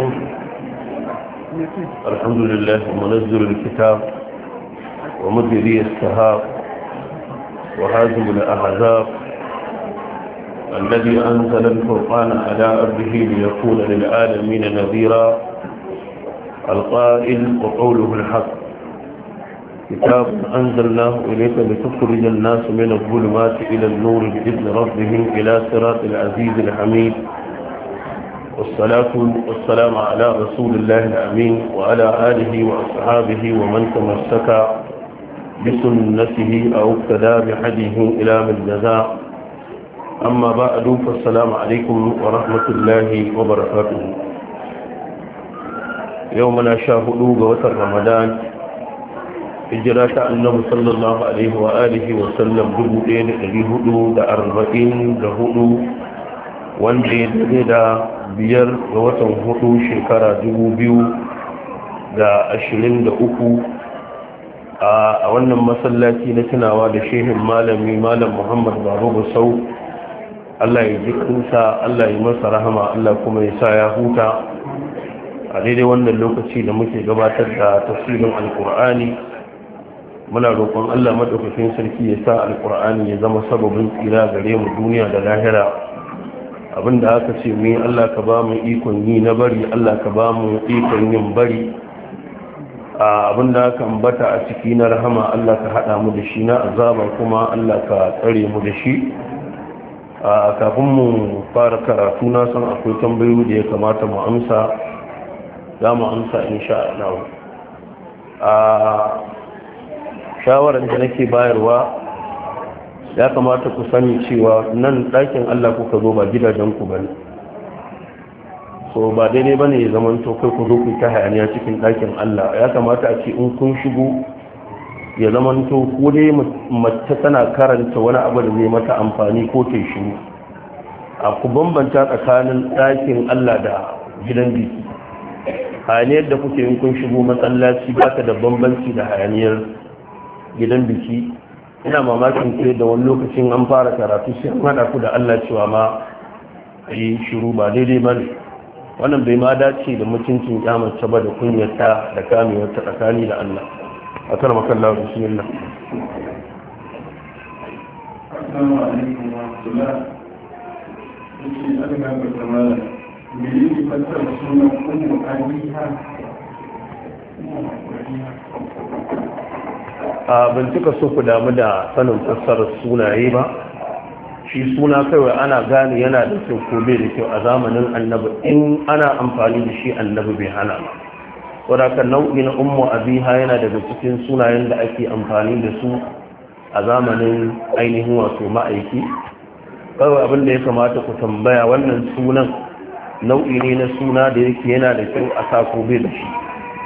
عليكم الحمد لله ومنزل الكتاب ومد ومجري السهاب وهازم الأحزاب الذي أنزل الفرقان على أرضه ليكون للعالمين نذيرا القائل وقوله الحق كتاب أنزلناه إليك لتخرج الناس من الظلمات إلى النور بإذن ربهم إلى صراط العزيز الحميد والصلاة والسلام على رسول الله الأمين وعلى آله وأصحابه ومن تمسك بسنته أو اقتدى بحديه إلى من جزاء أما بعد فالسلام عليكم ورحمة الله وبركاته يومنا شاهدوا قوة رمضان hijira ta annabi sallallahu alaihi wa alihi wa sallam dubu ɗaya da ɗari hudu da arba'in da hudu wanda ya dade da biyar ga watan hudu shekara dubu biyu da ashirin da uku a wannan masallaci na tunawa da shehin malami malam muhammad babu sau, allah ya ji kusa, allah ya masa rahama allah kuma ya sa ya huta a daidai wannan lokaci da muke gabatar da tafsirin alkur'ani muna roƙon allah maɗaukakin sarki ya sa alkur'ani ya zama sababin tsira gare mu duniya da lahira abinda aka ce mai Allah ka ba mu ikon yi na bari Allah ka ba mu ikon yin bari abinda aka ambata a ciki na rahama Allah ka haɗa mu da shi na azaba kuma Allah ka tsare mu da shi kafin mu fara karatu na san akwai tambayoyi da ya kamata mu amsa za mu amsa insha Allah shawarar da nake bayarwa ya kamata ku sani cewa nan ɗakin Allah kuka zo ba gidajenku ba ne so ba daidai ba ne ya zama kai ku zo ku ta hayaniya cikin ɗakin Allah ya kamata a ce in kun shigo ya zama to ko dai mace tana karanta wani abu da zai mata amfani ko ta shiru a ku bambanta tsakanin ɗakin Allah da gidan biki hayaniyar da kuke in kun shigo matsalaci ba ta da bambanci da hayaniyar gidan biki ina mamakin ce da wani lokacin an fara karatu sai an hada ku da Allah cewa ma yi shiru ba daidai ba ne wannan bai ma dace da mutuncin kyamance ba da kunyarta da kamewar ta tsakani da Allah a kan makalla da shi Allah Assalamu alaikum Shi ne aka ga a bincika so ku damu da sanin fassarar sunaye ba shi suna kawai ana gane yana da kyau ko bai da kyau a zamanin annabi in ana amfani da shi annabi bai hana ba wadaka nau'i na ummu abiha yana daga cikin sunayen da ake amfani da su a zamanin ainihin wato ma'aiki kawai abin da ya kamata ku tambaya wannan sunan nau'i ne na suna da yake yana da kyau a sa ko bai da shi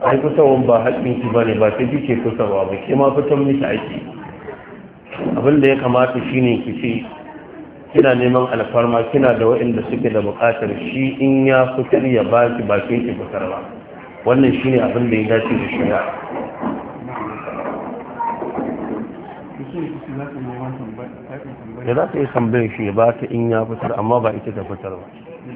ai kusawan ba haƙƙin ki ne, ba ta kike kusawa ba ke ma fitan miki aiki abin da ya kamata ne ki ce kina neman alfarma kina da waɗanda suke da buƙatar shi in ya fi karya ya baki ba ki ki fitar ba wannan shi ne abin da ya dace da shari'a Ya za ta yi tambayar shi ba ta in ya fitar amma ba ita ta fitar ba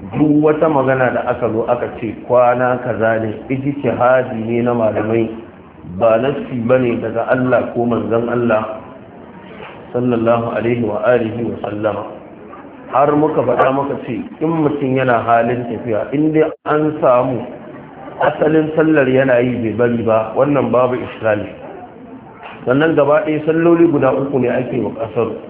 duk wata magana da aka zo aka ce kwana kaza ne ijtihadi ne na malamai ba ba ne daga Allah ko manzon Allah sallallahu alaihi wa alihi wa sallama har muka faɗa muka ce in mutum yana halin tafiya in dai an samu asalin sallar yana yi bai bari ba wannan babu isra'il sannan gaba ɗaya salloli guda uku ne ake wa ƙasar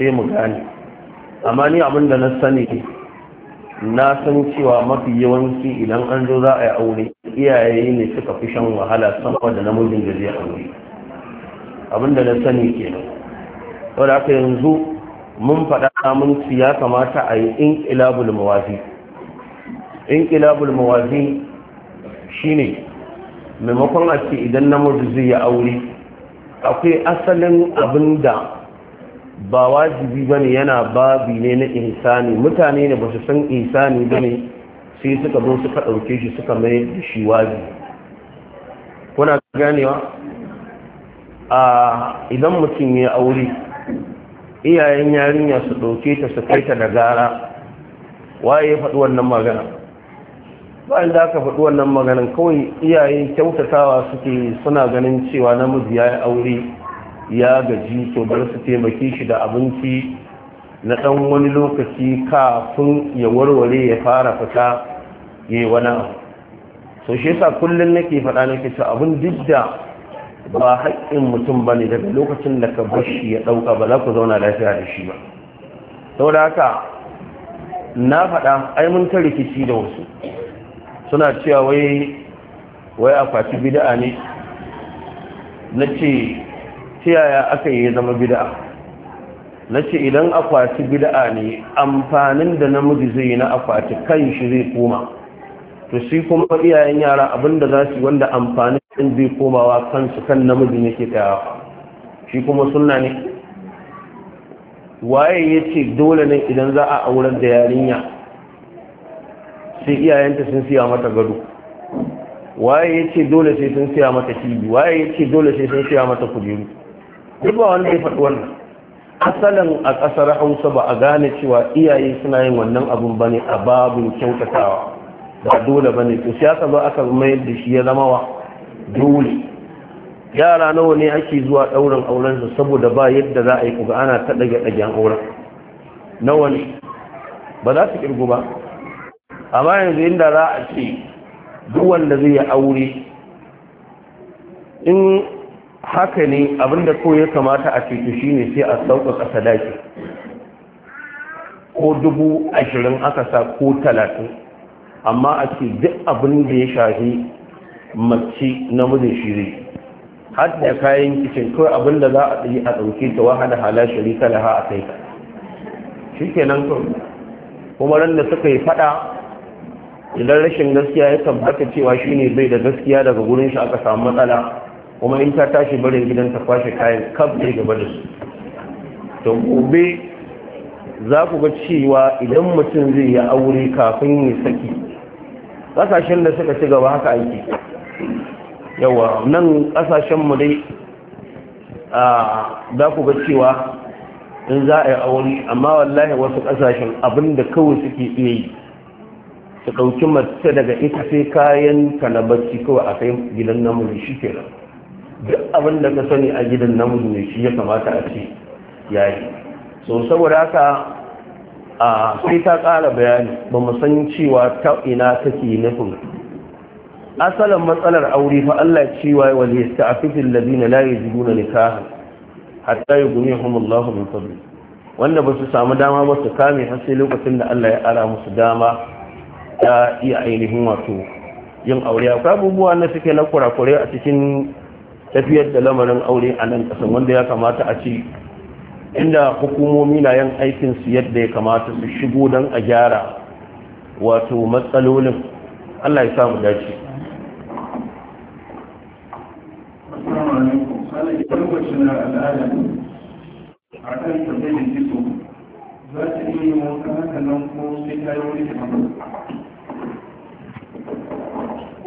sai mu gane amma ni abin da na sani na san cewa mafi yawanci idan an zo za a yi aure iyaye ne suka fi shan wahala sama da namijin da zai aure abin da na sani ke nan, wadda aka yanzu mun faɗa mun ya kamata a yi inƙilabul mawazi inƙilabul mawazi shine maimakon a ce idan namiji zai yi aure akwai asalin abin da ba wajibi bane yana babi ne na insani mutane ne ba su san ihsani bane sai suka zo suka ɗauke shi suka mai da shi wajibi kuna ganewa a idan mutum ya aure iyayen yarinya su ɗauke ta su kai ta da gara waye ya faɗi wannan magana bayan da aka faɗi wannan maganan kawai iyayen kyautatawa suke suna ganin cewa namiji ya yi aure ya gaji to bar su taimake shi da abinci na ɗan wani lokaci kafin ya warware ya fara fita ya yi wani abu so shi yasa kullum nake faɗa nake cewa abin duk da ba haƙƙin mutum ba ne daga lokacin da ka bar shi ya ɗauka ba za ku zauna lafiya da shi ba saboda haka na faɗa ai mun ta rikici da wasu suna cewa wai wai akwati bid'a ne na ce ta yaya aka yi zama bida'a na ce idan akwati bida'a ne amfanin da namiji zai yi na akwati kan shi zai koma to shi kuma iyayen yara abinda za su wanda amfanin zai komawa kansu kan namiji yake kayawa shi kuma sunna ne waye ya ce dole ne idan za a aurar da yarinya sai iyayenta sun siya mata gado waye ya ce dole sai sun siya mata tibi waye ya ce dole sai sun siya mata kujeru duk ba wanda ya faɗi wannan asalin a ƙasar hausa ba a gane cewa iyaye suna yin wannan abun bane a babin kyautatawa ba dole bane to siyasa ba aka mayar da shi ya zama wa dole yara nawa ne ake zuwa ɗaurin auren su saboda ba yadda za a yi kuga ana ta ɗage ɗagen auren nawa ne ba za su kirgu ba amma yanzu inda za a ce duk wanda zai yi aure in haka ne abinda ko ya kamata a ceto shine sai a sauƙaƙa sadaki ko dubu ashirin aka sa ko talatin amma a ce duk abin da ya shafi mace na shi zai har da kayan kicin kawai abin da za a ɗaya a ɗauke ta wahada hala shari laha a kai shi nan kawai kuma ran da suka yi faɗa idan rashin gaskiya ya tabbata cewa shi ne bai da gaskiya daga gurin shi aka samu matsala kuma in ta tashi barin gidan ta kwashe kayan kaf ne gaba da su to gobe za ku ga cewa idan mutum zai yi aure kafin ya saki kasashen da suka ci gaba haka aiki yawa nan kasashen mu dai za ku ga cewa in za a yi aure amma wallahi wasu kasashen abinda kawai suke iya yi su ɗauki mace daga ita sai kayan ta na bacci kawai a kai gidan namiji shi kenan duk abin da ka sani a gidan namiji ne shi ya kamata a ce yayi so saboda haka a sai ta ƙara bayani ba mu san cewa ta ina take nufin asalin matsalar aure fa Allah ya cewa wal yasta'fifil ladina la yajiduna nikahan hatta yughnihum Allah min fadli wanda ba su samu dama ba su kame har sai lokacin da Allah ya ara musu dama ta iya ainihin wato yin aure akwai abubuwa na suke na kurakure a cikin tafiyar da lamarin aure a nan kasan wanda ya kamata a ce inda hukumomi na yin aikin su yadda ya kamata su shigo don a gyara wato matsalolin Allah ya samu dace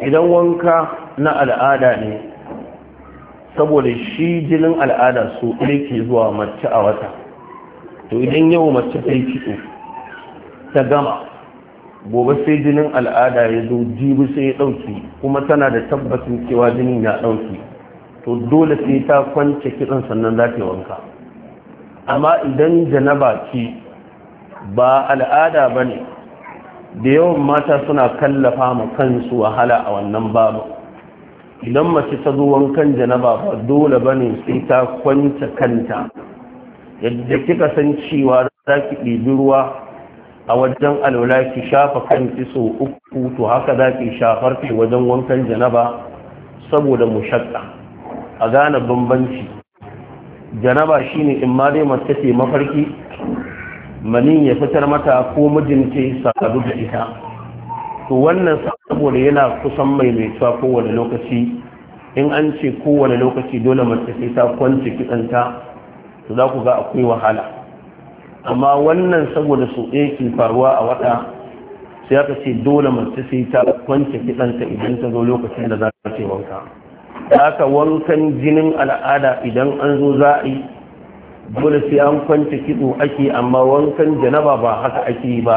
idan wanka na al'ada ne saboda shi jinin al'ada su ɗaya ke zuwa mace a wata to idan yau mace ta yi fito, ta gama gobe sai jinin al'ada ya zo jibi sai ya ɗauki kuma tana da tabbacin cewa jinin ya ɗauki to dole sai ta kwance kitson sannan za ta yi wanka amma idan janaba ce ba al'ada ba ne da yawan mata suna kallafa ma kansu wahala a wannan babu idan mace ta zo wankan janaba ba dole ba ne sai ta kwanta kanta yadda kika san cewa za ki ɗibi ruwa a wajen alwala ki shafa kanki so uku to haka za ki shafar ki wajen wankan janaba saboda mushakka a gane bambanci janaba shine in ma dai mace ce mafarki manin ya fitar mata ko mijin ce sadu da ita to wannan saboda yana kusan mai mai cewa kowane lokaci in an ce kowane lokaci dole mace sai ta kwance kitsanta to za ku ga akwai wahala amma wannan saboda su ɗaya ke faruwa a wata sai aka ce dole mace sai ta kwance kitsanta idan ta zo lokacin da za ta ce wanka haka wankan jinin al'ada idan an zo za a yi dole sai an kwance kitso ake amma wankan janaba ba haka ake yi ba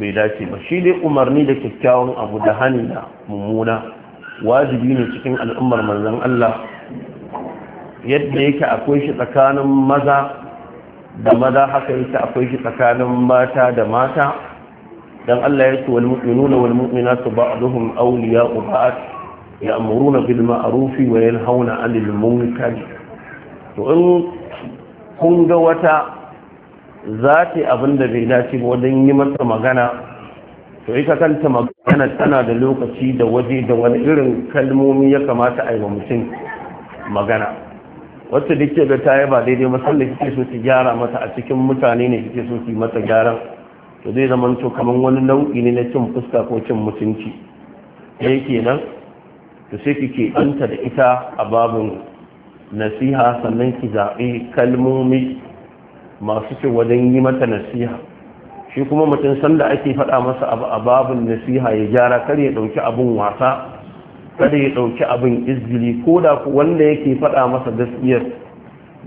bai dace ba shi dai umarni da kyakkyawan abu da hani da mummuna wajibi ne cikin al'ummar manzan Allah yadda yake akwai shi tsakanin maza da maza haka yake akwai shi tsakanin mata da mata dan Allah yake wal mu'minuna wal mu'minatu ba'dhum awliya'u ba'd ya'muruna bil ma'ruf wa yanhauna 'anil munkar to in kun ga wata za ta abin da bai dace ba wajen yi masa magana to ita kanta magana tana da lokaci da waje da wani irin kalmomi ya kamata a yi wa mutum magana wacce duk ke ga tayi ba daidai masan da kike so ki gyara mata a cikin mutane ne kike so ki mata gyaran to zai zama to kamar wani nau'i ne na cin fuska ko cin mutunci da yake nan to sai kike ɗanta da ita a babin nasiha sannan ki zaɓi kalmomi masu ce wajen yi mata nasiha shi kuma mutum sanda ake faɗa masa abu a babin nasiha ya jara kar ya ɗauki abin wasa kada ya ɗauki abin izgili ko da wanda yake faɗa masa gaskiyar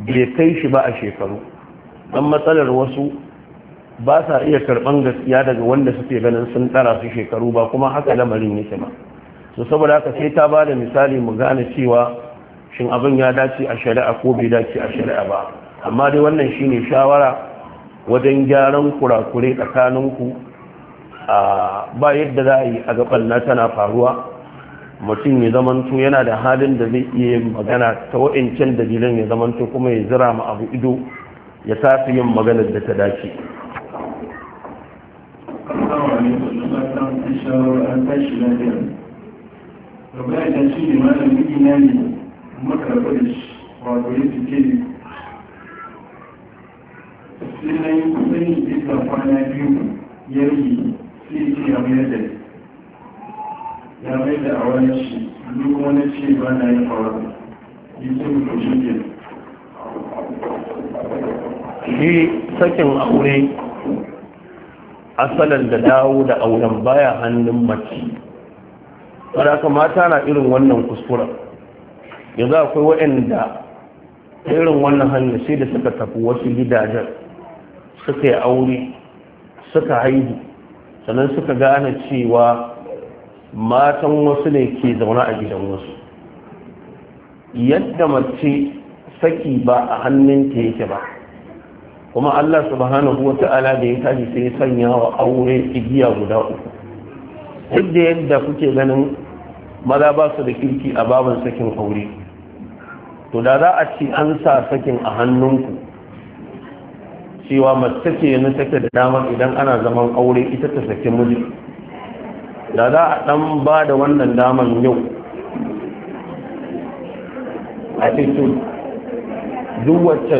bai kai shi ba a shekaru dan matsalar wasu ba sa iya karɓan gaskiya daga wanda suke ganin sun tsara su shekaru ba kuma haka lamarin yake ma To saboda haka sai ta ba da misali mu gane cewa shin abin ya dace a shari'a ko bai dace a shari'a ba amma dai wannan shine shawara wajen gyaran kurakure tsakaninku a ba yadda za a yi a gaban na tana faruwa mutum ya zamanto yana da halin da zai iya magana ta da dalilan ya zamanto kuma ya zira ma abu ido ya tafi yin maganar da ta dace Rabu ya shi ne malam na ne makarfa da shi wato ya fice sai na yi sani bisa kwana biyu ya rage sai ce ya mayar da ya mayar da a wani shi duk wani ce ba na yi faru yi sai ku shi ke shi sakin aure asalan da dawo da auren baya hannun mace ka mata na irin wannan kuskura yanzu akwai waɗanda irin wannan hanyar sai da suka tafi wasu gidajen suka yi aure suka haihu sannan suka gane cewa matan wasu ne ke zaune a gidan wasu yadda mace saki ba a hannunta yake ba kuma Allah subhanahu wa ta'ala da ya tashi sai ya sanya wa aure igiya guda uku duk da yadda kuke ganin maza ba su da kirki a baban sakin aure to da za a ci an sa sakin a hannunku cewa mace ce yanzu take da dama idan ana zaman aure ita ta saki miji da za a dan ba da wannan damar yau a cikin duk wacce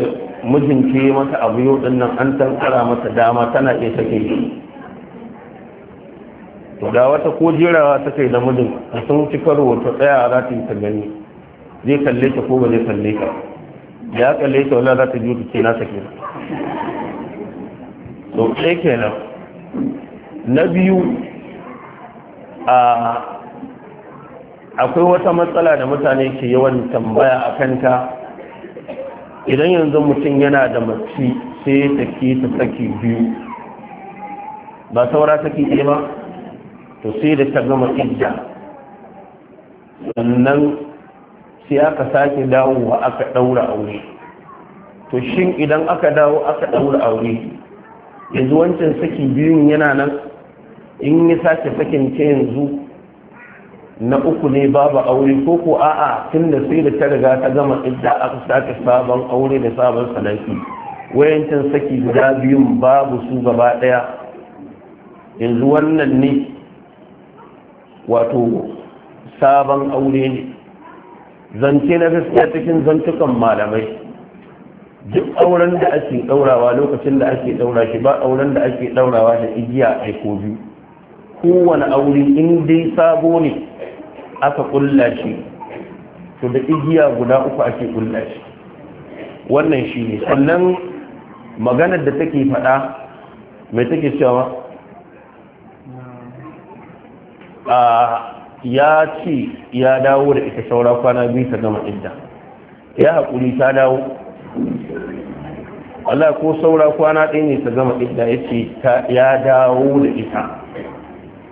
mijin ke mata abu yau din nan an tankara mata dama tana iya sake shi to da wata ko jerawa ta kai da mijin a sun ci karo wata tsaya za ta yi ta gani zai kalle ta ko ba zai kalle ka ya kalle ta wala za ta ta ce na sake ta to ɗaya kenan na biyu a akwai wata matsala da mutane ke yawan tambaya a kanta idan yanzu mutum yana da mace sai ta tafi ta saki biyu ba saura saki ɗaya ba to sai da ta gama idda sannan sai aka sake dawowa aka ɗaura aure to shin idan aka dawo aka ɗaura aure yanzu wancan saki biyun yana nan in yi sake sakin ce yanzu na uku ne babu aure ko ko a'a tun da sai da ta riga ta gama idda aka sake sabon aure da sabon sadaki wayancin saki guda biyun babu su gaba daya yanzu wannan ne wato sabon aure ne zance na gaskiya cikin zantukan malamai duk auren da ake daurawa lokacin da ake daura shi ba auren da ake daurawa da igiya a ko biyu kowane aure in dai sabo ne aka ƙulla shi to da igiya guda uku ake ƙulla shi wannan shi ne sannan maganar da take faɗa mai take cewa a ya ce ya dawo da ita saura kwana biyu ta gama idda ya haƙuri ta dawo Allah ko saura kwana ɗaya ne ta gama idda ya ce ya dawo da ita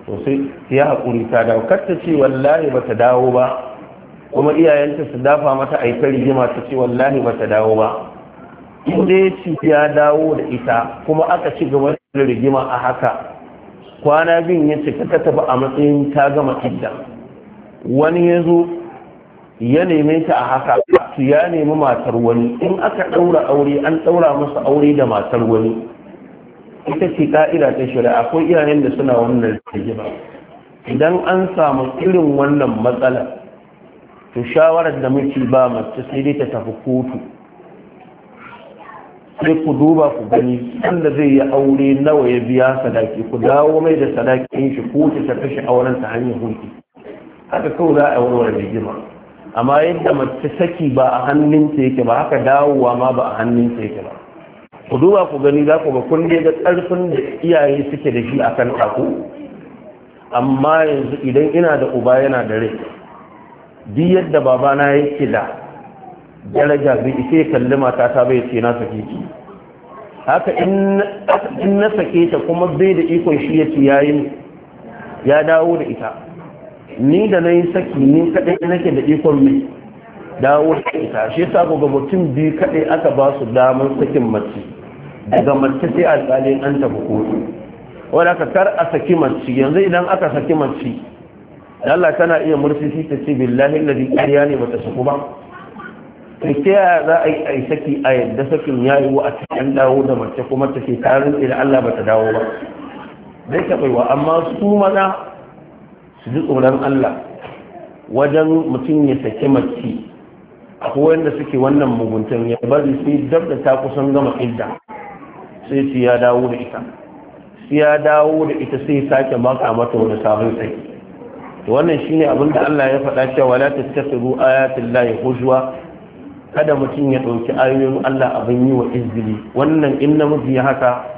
to sai ya haƙuri ta dawo kar ta ce wallahi ba ta dawo ba kuma iyayenta su dafa mata a rigima ta ce wallahi ba ta dawo ba in dai ya ya dawo da ita kuma aka ci gaba da rigima a haka kwana biyun ya ce ta tafi a matsayin ta gama idda wani ya zo ya neme ta a haka su ya nemi matar wani in aka ɗaura aure an ɗaura masa aure da matar wani ita ce ka'ida ta shari'a akwai iyayen da suna wannan rigima idan an samu irin wannan matsala to shawarar da muke ba mace sai dai ta tafi kotu sai ku duba ku gani wanda zai yi aure nawa ya biya sadaki ku dawo mai da sadakin shi ko ta tafi shi auren ta hanyar hulki haka kawai za a yi warware rigima amma yadda mace saki ba a hannunta yake ba haka dawowa ma ba a hannunta yake ba ku duba ku gani za ku ba kun dai ga ƙarfin da iyaye suke da shi a kan ɗaku amma yanzu idan ina da uba yana da rai bi yadda babana yake da daraja bai ise kalli mata ta bai ce na sake ki haka in na sake ta kuma bai da ikon shi ya ce yayin ya dawo da ita ni da na yi saki ni kaɗai nake da ikon mai dawo da ita shi yasa ga mutum biyu kaɗai aka ba su damar sakin mace daga mace sai alƙalin an tafi kotu wanda aka kar a saki mace yanzu idan aka saki mace Allah tana iya shi ta ce billahi ladi ƙarya ne bata saku ba ta ke za a yi saki a yadda sakin ya yi wa a cikin dawo da mace kuma ta ke tarin da Allah bata dawo ba zai taɓa amma su maza su ji tsoron Allah wajen mutum ya saki mace akwai wanda suke wannan muguntan ya bari sai dab da ta kusan gama idda sai su ya dawo da ita su ya dawo da ita sai sake maka mata wani sabon sai wannan shine abin da Allah ya faɗa cewa la tattakhidhu ayatil lahi hujwa kada mutum ya ɗauki ayoyin Allah abin yi wa izini wannan in namiji ya haka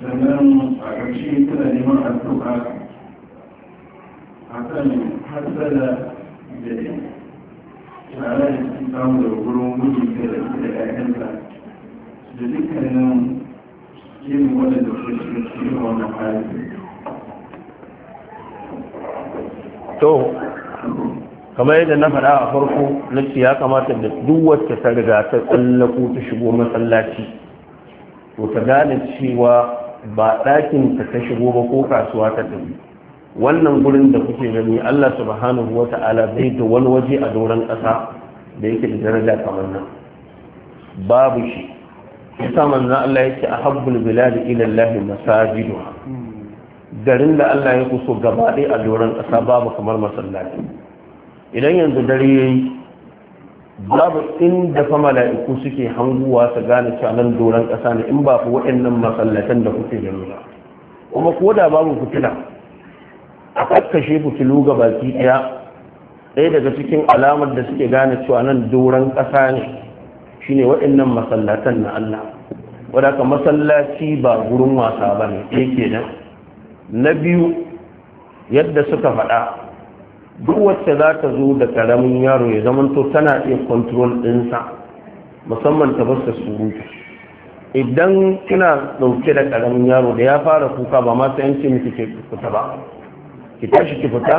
sannan a ƙarshe tana neman addu'a a kan hasada da tare da cikin samu da wurin wuce da da ƴaƴanta da dukkanin irin da su shiga cikin wannan hali to kamar yadda na faɗa a farko na ce ya kamata da duk wacce ta riga ta tsallaku ta shigo masallaci to ta gane cewa ba ɗakin ta ta shigo ba ko kasuwa ta tafi wannan gurin da kuke gani Allah subhanahu wa ta'ala bai da wani waje a doron ƙasa da yake da daraja kamar nan babu shi yasa manzo Allah yake ahabbul bilad ila Allah masajiduha garin da Allah ya kuso gaba ɗaya a doron ƙasa babu kamar masallaci idan yanzu dare yayi babu inda fa mala'iku suke hanguwa su gane cewa nan doron ƙasa ne in ba ku waɗannan masallatan da kuke gani ba kuma ko da babu fitila a kakkashe fitilu ga baki ɗaya ɗaya daga cikin alamar da suke gane cewa nan doron ƙasa ne shine waɗannan masallatan na Allah wadaka masallaci ba gurin wasa ba ne ɗaya kenan na biyu yadda suka faɗa duk wacce za ta zo da karamin yaro ya zamanto tana iya control ɗinsa musamman ta basta surutu idan kina ɗauke da karamin yaro da ya fara kuka ba masu yanci miki ke fita ba ki tashi ki fita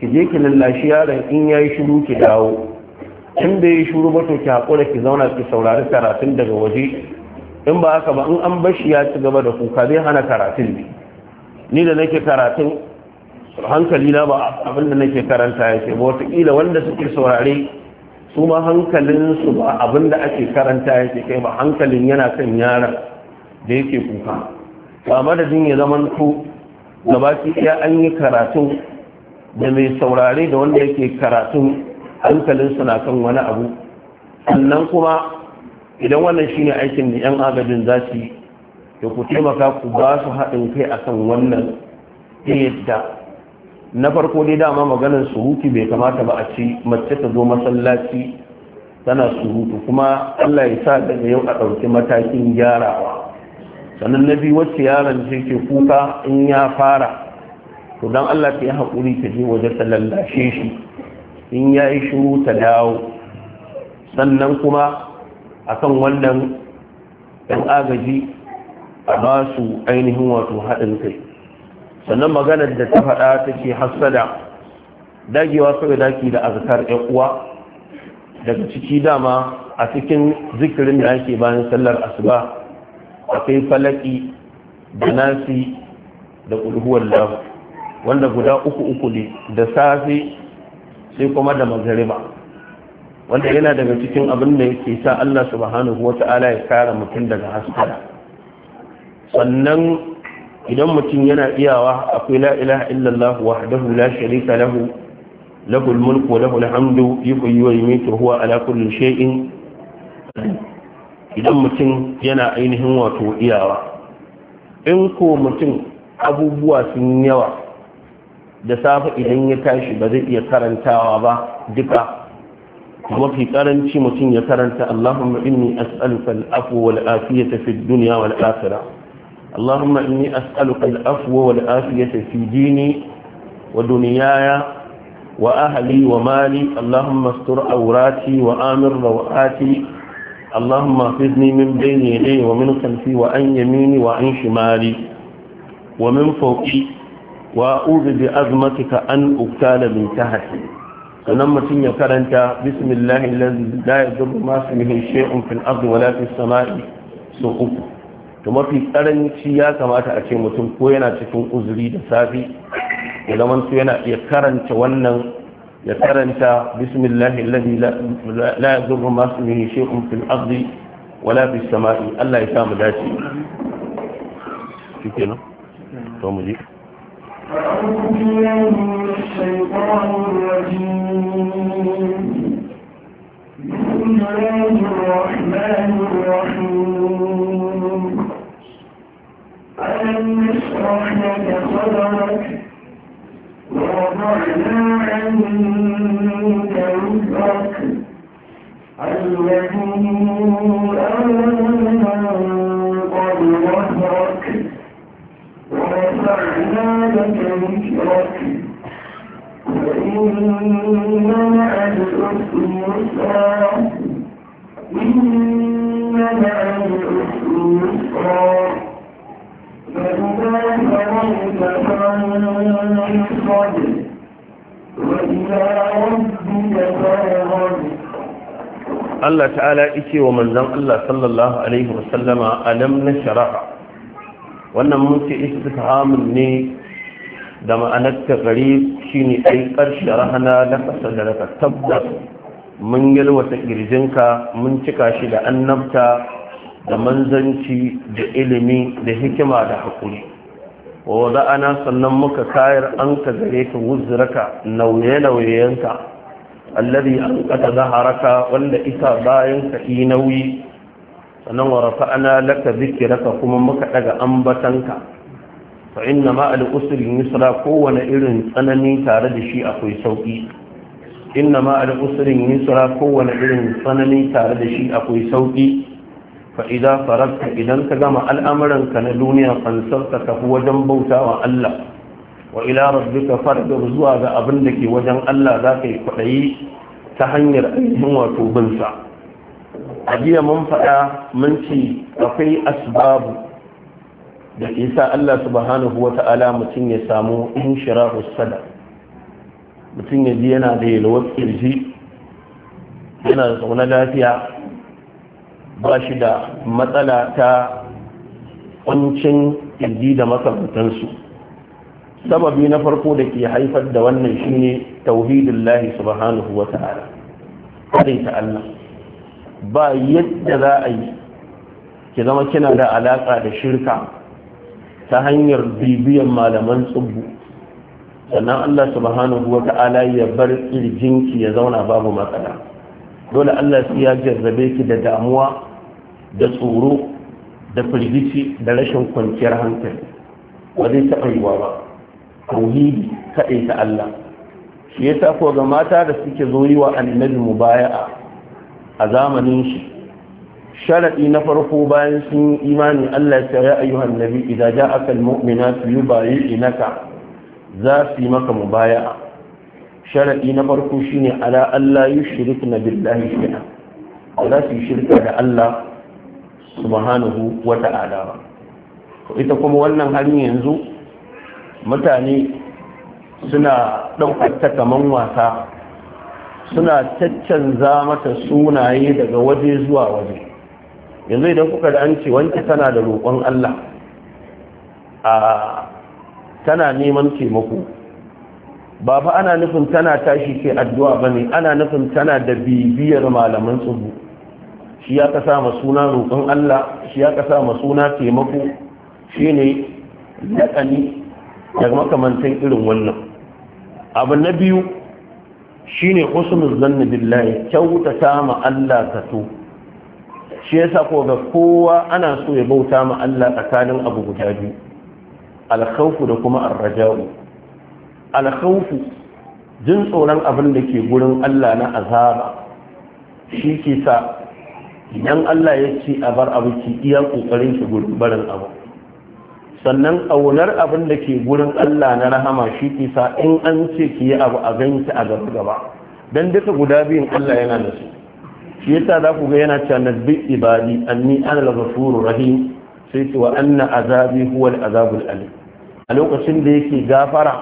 ki je ki lallashi yaron in ya yi shiru ki dawo in ya yi shuru, ba to ki haƙura ki zauna ki saurari karatun daga waje in ba haka ba in an bashi ya ci gaba da kuka zai hana karatun ne ni da nake karatun hankali na ba abin da nake karanta yake ba wataƙila wanda suke saurare su ma hankalinsu ba abin da ake karanta yake kai ba hankalin yana kan yaran da yake kuka ba madadin ya zama to gabaki ɗaya an yi karatun da mai saurare da wanda yake karatun hankalinsu na kan wani abu sannan kuma idan wannan shine aikin da 'yan agajin za su yi da ku taimaka ku ba su haɗin kai akan wannan ta yadda na farko dai dama maganar surutu bai kamata ba a ci mace ta zo masallaci tana surutu kuma allah ya sa daga yau a ɗauki matakin gyarawa sannan na biyu wacce yaron ce ke kuka in ya fara to don allah ta yi haƙuri ta je waje ta lallashe shi in ya yi shuru ta dawo sannan kuma akan wannan ɗan agaji a ba ainihin wato haɗin kai sannan maganar da ta faɗa ta take hassada dagewa sau daki da azkar 'yan uwa daga ciki dama a cikin zikirin da ake bayan sallar asuba akwai falaki da nasi da kulhuwar lafi wanda guda uku uku ne da safe sai kuma da magariba wanda yana daga cikin abin da yake sa Allah subhanahu wata'ala ya kare mutum daga hasara sannan idan mutum yana iyawa akwai la ilaha illallah wahdahu la sharika lahu lahu almulku wa lahu alhamdu yuhyi wa yumiitu huwa ala kulli shay'in idan mutum yana ainihin wato iyawa in ko mutum abubuwa sun yawa da safe idan ya tashi ba zai iya karantawa ba duka mafi karanci mutum ya karanta Allahumma inni as'aluka al-afwa wal afiyata fid dunya wal akhirah اللهم إني أسألك الأفو والآفية في ديني ودنياي وأهلي ومالي اللهم استر أوراتي وآمر روآتي اللهم احفظني من بين يدي ومن خلفي وعن يميني وعن شمالي ومن فوقي وأعوذ بأزمتك أن أبتال من تحتي سنمة يكرنت بسم الله الذي لا يضر ما اسمه شيء في الأرض ولا في السماء سوء to mafi karanci ya kamata a ce mutum ko yana cikin uzuri da safi ya zama su yana iya karanta wannan ya karanta bismillahi alladhi la yadurru ma ismihi shay'un fil ardi wala fis sama'i Allah ya sa mu dace shi kenan to mu ji أعوذ بالله من الشيطان بسم الله الرحمن الرحيم ألم نشرح لك صدرك ووضعنا عنك وزرك الذي أنقض ظهرك ورفعنا لك ذكرك فإن مع العسر يسرا إن مع العسر يسرا Allah ta'ala ike wa manzan Allah sallallahu Alaihi wasallama alam na shara'a wannan muke istifhamun ne da ma'anar ta gari shi ne aikar shara'ana na kasa da raka tabbas mun yalwata ƙirjinka mun cika shi da annabta da manzanci da ilimi da hikima da haƙuri wa ana sannan muka kayar an ka gare ka wuzuraka nauye-nauyenka Alladhi an kata zaharaka wanda ita bayan ka yi nauyi sannan wa rafa'ana laka zikiraka kuma muka daga ambatanka fa inna ma al usri yusra kowane irin tsanani tare da shi akwai sauki inna ma al usri yusra kowane irin tsanani tare da shi akwai sauki fa’iza faranta idan ka gama al’amuranka na duniya fansarta kafi wajen bauta wa Allah wa ilarar duka farga zuwa ga abin da ke wajen Allah za ka yi kwaɗayi ta hanyar ainihin wato binsa a jiya mun faɗa minci akwai asbabu da ke sa Allah subhanahu Wata'ala mutum ya samu in sada mutum ya yana da yalwar kirji yana da lafiya ba shi da matsala ta kuncin kirji da makamantansu sababi na farko da ke haifar da wannan shine tauhidin lahi subhanahu wa ta'ala Allah ba yadda za a yi ki zama kina da alaƙa da shirka ta hanyar bibiyan malaman tsubbu sannan Allah subhanahu wa ta'ala ya bar kirjinki ya zauna babu matsala dole Allah ya jarrabe ki da damuwa da tsoro da firgici da rashin kwanciyar hankali ba zai taɓa yiwa ba tauhidi kaɗai ta Allah shi ya sa ga mata da suke zo yi wa annabi mubaya'a a zamanin shi sharaɗi na farko bayan sun yi imani Allah ya ya ayyuhan nabi idza ja'aka almu'minatu yubayyi'unaka za su yi maka mubaya'a sharaɗi na farko shine ala Allah yi billahi shi'a za su yi shirka da Allah subhanahu wa ta'ala ita kuma wannan halin yanzu mutane suna ɗaukar ta kaman wasa suna caccanza mata sunaye daga waje zuwa waje yanzu idan kuka da an ce wanki tana da roƙon Allah a tana neman taimako ba fa ana nufin tana tashi ke addu'a bane ana nufin tana da bibiyar malaman tsubu shi ya kasa suna roƙon Allah shi ya kasa suna taimako shine laƙani daga makamantan irin wannan abu na biyu shine husnul zanni billahi kyautata ma Allah ka so shi yasa ko ga kowa ana so ya bauta ma Allah tsakanin abu guda biyu alkhawfu da kuma arraja'u alkhawfu jin tsoron abin da ke gurin Allah na azaba shi ke sa idan Allah ya ce a bar abu ki iya kokarin ki gurin barin abu sannan aunar abin da ke gurin Allah na rahama shi isa in an ce ki yi abu a ki a gaba gaba dan duka guda biyun Allah yana da su shi yasa za ku ga yana cewa nabbi ibadi anni ana al-ghafurur rahim sai ce wa anna azabi huwa al-azabul alim a lokacin da yake gafara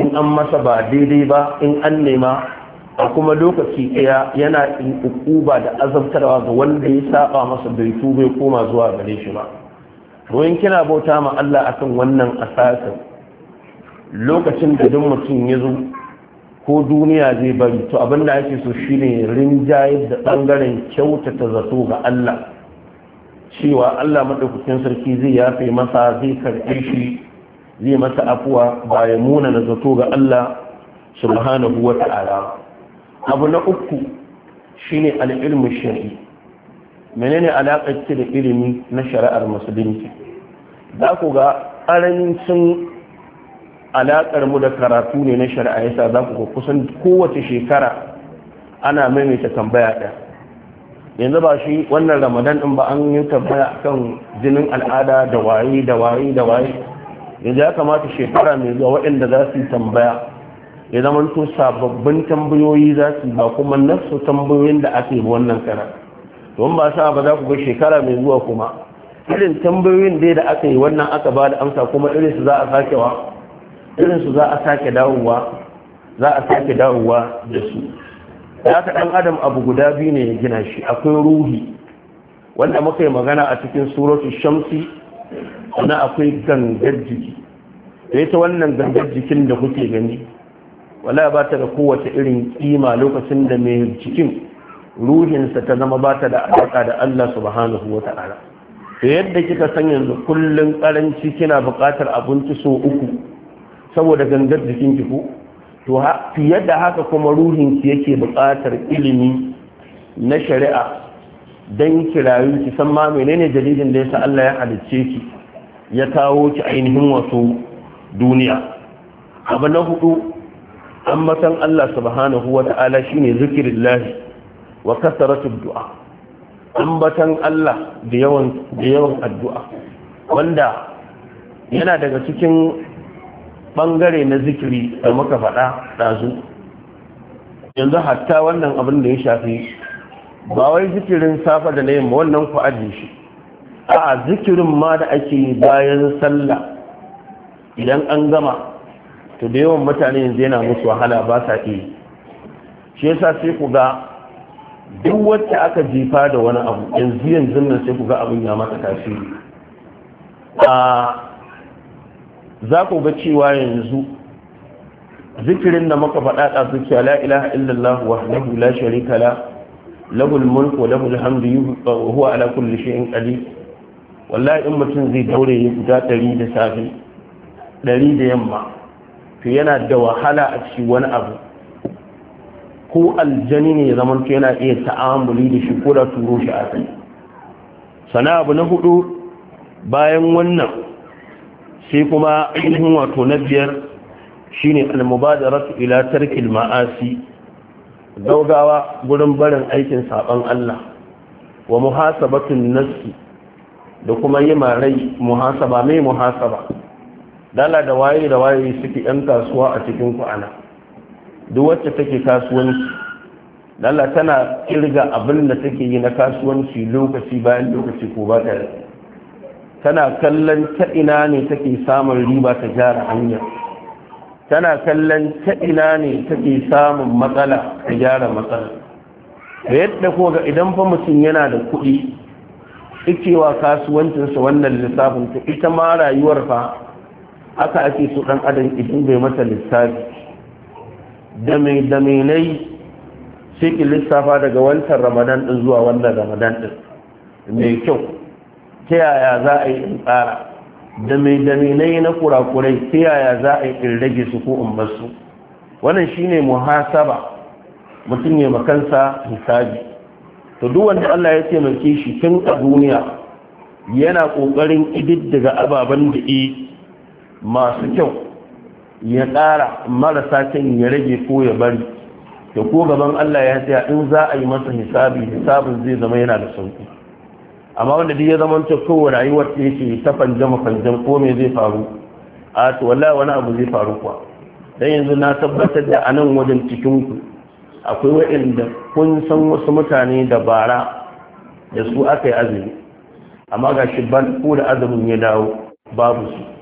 in an masa ba daidai ba in an nema a kuma lokaci ɗaya yana in ukuba da azabtarwa ga wanda ya saba masa bai bai koma zuwa gare shi ba ruwan kina bauta ma Allah akan wannan asasin lokacin da duk mutum ya zo ko duniya zai bari to abin da ake so shine rinjaye da bangaren kyautata zato ga Allah cewa Allah madaukakin sarki zai yafe masa zai karɓe shi zai masa afuwa ba ya muna na zato ga Allah subhanahu wa ta'ala abu na uku shine al'ilmu shari'i menene ce da ilimi na shari'ar musulunci za ku ga ƙarancin alakar mu da karatu ne na shari'a yasa za ku kusan kowace shekara ana maimaita tambaya ɗaya yanzu ba shi wannan ramadan ɗin ba an yi tambaya kan jinin al'ada da waye da waye da waye yanzu ya kamata shekara mai zuwa waɗanda za su tambaya ya zamanto sababbin tambayoyi za su ba kuma nasu tambayoyin da ake wannan kara don ba sa ba za ku ga shekara mai zuwa kuma irin tambayoyin dai da aka yi wannan aka ba da amsa kuma irin su za a sake wa irin su za a sake dawowa za a sake dawowa da su ya ka dan adam abu guda biyu ne ya gina shi akwai ruhi wanda muka yi magana a cikin suratu shamsi na akwai gangar jiki da ita wannan gangar jikin da kuke gani wala ba ta da kowace irin kima lokacin da mai cikin ruhinsa ta zama ba ta da alaƙa da Allah subhanahu wa ta'ala da yadda kika san yanzu kullum karanci kina buƙatar abinci so uku saboda gangar jikin ki to fiye da haka kuma ruhin ki yake buƙatar ilimi na shari'a dan kirayu ki san ma menene dalilin da ya sa Allah ya halicce ki ya kawo ki ainihin wasu duniya abu na hudu ambatan Allah subhanahu wa ta'ala shine Lahi wa kasaratun du'a ambatan Allah da yawan addu'a wanda yana daga cikin bangare na zikiri da muka faɗa ɗazu yanzu hatta wannan abin da ya shafi ba wai zikirin safa da na yamma wannan ku ajiye shi a zikirin ma da ake bayan sallah idan an gama to da yawan mutane yanzu yana musu wahala ba sa ke shi yasa sai ku ga duk wacce aka jifa da wani abu yanzu yanzu nan sai ku ga abin ya mata tasiri a za ku ga cewa yanzu zikirin da muka faɗa a zuciya la ilaha illallah lahu la sharika la lahul mulku wa lahul hamdu huwa ala kulli shay'in qadir wallahi in mutum zai daure ya guda 100 da safi 100 da yamma to yana da wahala a cikin wani abu ko aljani ne zaman to yana iya ta'amuli da shi ko da turo shi a kai sana abu na hudu bayan wannan sai kuma ainihin wato na biyar shine al-mubadaratu ila tarkil ma'asi gaugawa gurin barin aikin saban Allah wa muhasabatun nafsi da kuma yi marai muhasaba mai muhasaba dala da waye da waye suke yan kasuwa a cikin ku'ana duk wacce take kasuwanci dala tana kirga abin da take yi na kasuwanci lokaci bayan lokaci ko ba ta tana kallon ta ina ne take samun riba ta gyara hanya tana kallon ta ina ne take samun matsala ta gyara matsala da yadda ko ga idan fa mutum yana da kuɗi ikewa kasuwancinsa wannan lissafin ta ita ma rayuwar fa haka ake su ɗan adam idan bai masa lissafi da mai da mai sai ki lissafa daga wancan ramadan ɗin zuwa wannan ramadan ɗin mai kyau ta yaya za a yi in tsara da mai da mai na kurakurai ta yaya za a yi in rage su ko in basu wannan shine muhasaba mutum ne makansa hisabi to duk wanda Allah ya taimake shi tun a duniya yana kokarin daga ababen da yi masu kyau ya ƙara marasa kyan ya rage ko ya bari da ko gaban Allah ya tsaya in za a yi masa hisabi hisabin zai zama yana da sauƙi amma wanda duk ya zama ta kowa rayuwar ta yake ta fanjan fanjan ko me zai faru a to wallahi wani abu zai faru kuwa dan yanzu na tabbatar da anan wajen cikin ku akwai wanda kun san wasu mutane da bara da su aka yi azumi amma ga shi ban ko da azumin ya dawo babu su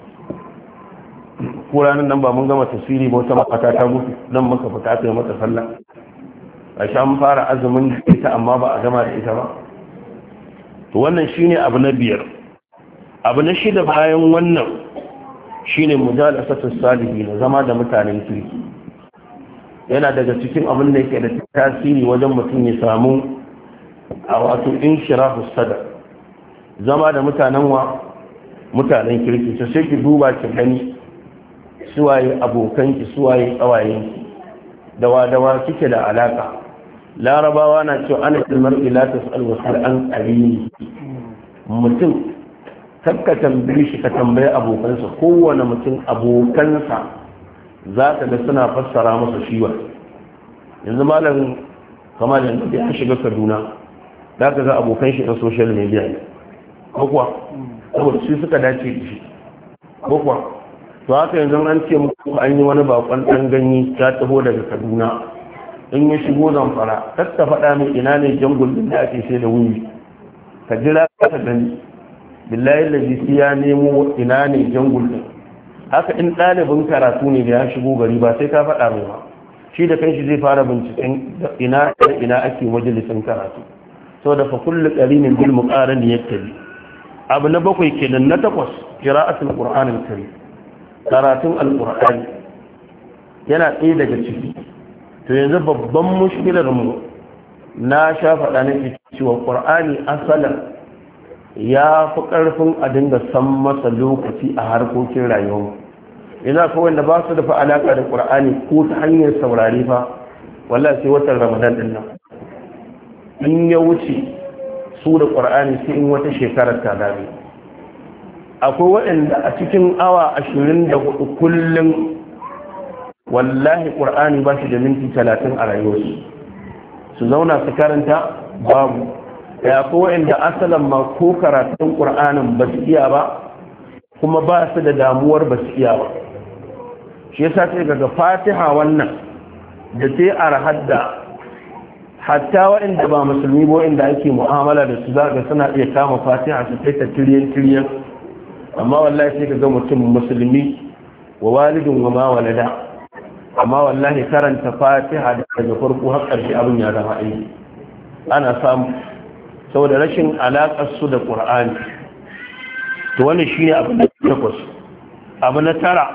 ko ranar nan ba mun gama tasiri ba wata makata ta mutu nan muka fita ta yi mata sallah a sha mun fara azumin ita amma ba a gama da ita ba to wannan shine abu na biyar abu na shida bayan wannan shine mujalasatu salihin zama da mutanen kirki yana daga cikin abin da yake da tasiri wajen mutum ya samu a wato inshirahu sadar zama da mutanen wa mutanen kirki sai ki duba ki gani suwaye abokanki suwaye ƙawayenki dawa dawa kike da alaka larabawa na cewa ana ilmar ila tasal wasal an qarini mutum takka tambaye shi ka tambayi abokansa kowane mutum abokansa za ka ga suna fassara masa shiwa yanzu malam kamar yanzu ya shiga kaduna za ka ga abokan shi na social media ko kuwa saboda shi suka dace da shi ko to haka yanzu an ce muku an yi wani bakon dan ganyi ta taho daga kaduna in ya shigo zamfara kar ta faɗa min ina ne jangul din da ake sai da wuyi ka jira ka gani billahi Jisi ya nemo ina ne jangul din haka in ɗalibin karatu ne da ya shigo gari ba sai ka faɗa mai ba shi da kanshi zai fara binciken ina ina ake majalisin karatu sau da fakulli ƙarinin bil muƙarin da ya tabi abu na bakwai kenan na takwas kira'atul qur'anil karim karatun alƙur'ani yana ɗaya daga ciki to yanzu babban mushkilar mu na sha faɗa na cewa ƙur'ani asalar ya fi ƙarfin a dinga san masa lokaci a harkokin rayuwa ina kawai wanda ba su dafa alaƙa da ƙur'ani ko ta hanyar saurari fa Wala sai watan ramadan ɗin nan in ya wuce su da ƙur'ani sai in wata shekarar ta dame akwai waɗanda a cikin awa ashirin da hudu kullum wallahi ƙur'ani ba shi da minti talatin a rayuwarsu su zauna su karanta babu ya akwai waɗanda asalan ma ko karatun ƙur'anin ba su iya ba kuma ba su da damuwar ba su iya ba shi yasa sai ga fatiha wannan da sai arhar da hatta waɗanda ba musulmi ba waɗanda ake mu'amala da su za ga suna iya kama fatiha su kai ta tiriyan tiriyan amma wallahi sai ka ga mutum musulmi wa walidin wa ma walada amma wallahi karanta fatiha daga farko har ƙarshe abin ya zama aiki ana samu saboda rashin alaƙar su da ƙur'ani to wannan shine abin na takwas abu na tara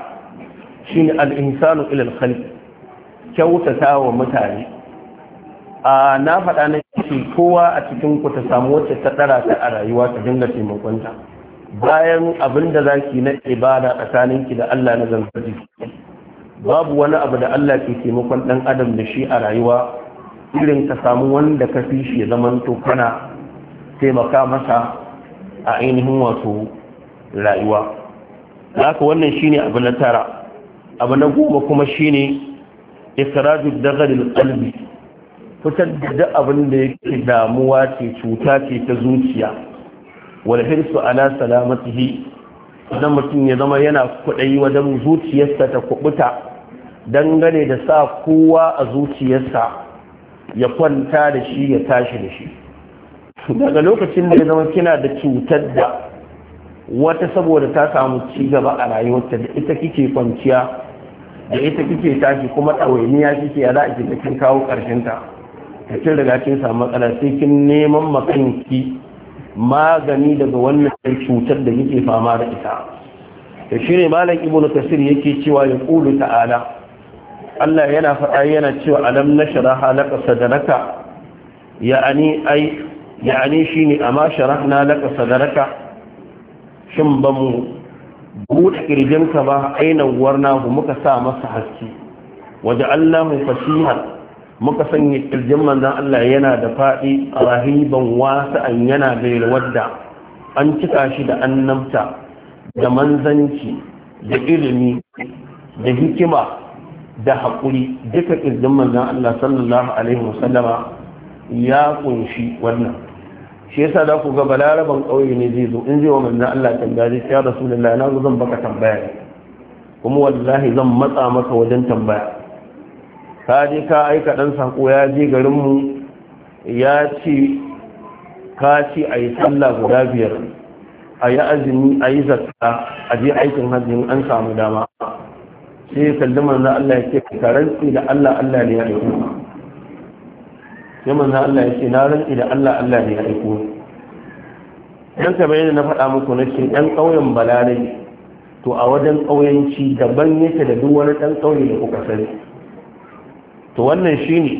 shine al-insanu ila al-khalq kyautata wa mutane a na faɗa na ce kowa a cikin ku ta samu wacce ta tsara ta a rayuwa ta dinga ta. bayan abin da za ki na ibada ki da Allah na zantarki babu wani abu da Allah ke taimakon ɗan adam da shi a rayuwa irin ka samu wanda ka fi shi zaman to kana taimaka masa a ainihin wato rayuwa haka wannan shine abu na tara abu na goma kuma shine israju dagalil qalbi fitar da abin da yake damuwa ce cuta ce ta zuciya wal hirsu ala salamatihi idan mutum ya zama yana kudai wajen zuciyarsa ta kubuta dangane da sa kowa a zuciyarsa ya kwanta da shi ya tashi da shi daga lokacin da ya zama kina da cutar da wata saboda ta samu ci gaba a rayuwarta da ita kike kwanciya da ita kike tashi kuma ɗawainiya kike ya za a kin kawo ƙarshenta ta cin riga kin samu matsala sai kin neman makanki magani daga wannan cutar da yake fama da ita da shi ne malam ibn kasir yake cewa ya ta'ala Allah yana faɗa yana cewa alam na laka sadaraka ya'ani ai ya'ani shine amma sharahna laka sadaraka shin ba mu buɗe kirjinka ba ainihin warna muka sa masa haske waje Allah mu fasihar muka sanya kirjin manzan Allah yana da faɗi a rahiban wasa'an yana da wadda an cika shi da annabta da manzanci da ilimi da hikima da haƙuri duka ƙirjin manzan Allah sallallahu alaihi wasallama ya kunshi wannan shi yasa da ku ga balaraban ƙauye ne zai zo in zai wa manzan Allah tambaya zai ya rasulullah na zan baka tambaya kuma wallahi zan matsa maka wajen tambaya ka je ka aika ɗan sako ya je garinmu ya ce ka ce a yi sallah guda biyar a yi azumi a yi zakka a je aikin hajji an samu dama sai ya kalli manzan Allah ya ce ka rantsi da Allah Allah ne ya aiko sai manzan Allah ya ce na rantsi da Allah Allah ne ya aiko dan ta yadda na faɗa muku na ce ɗan ƙauyen balare to a wajen ƙauyenci daban yake da duk wani ɗan ƙauye da kuka sani to wannan shi ne,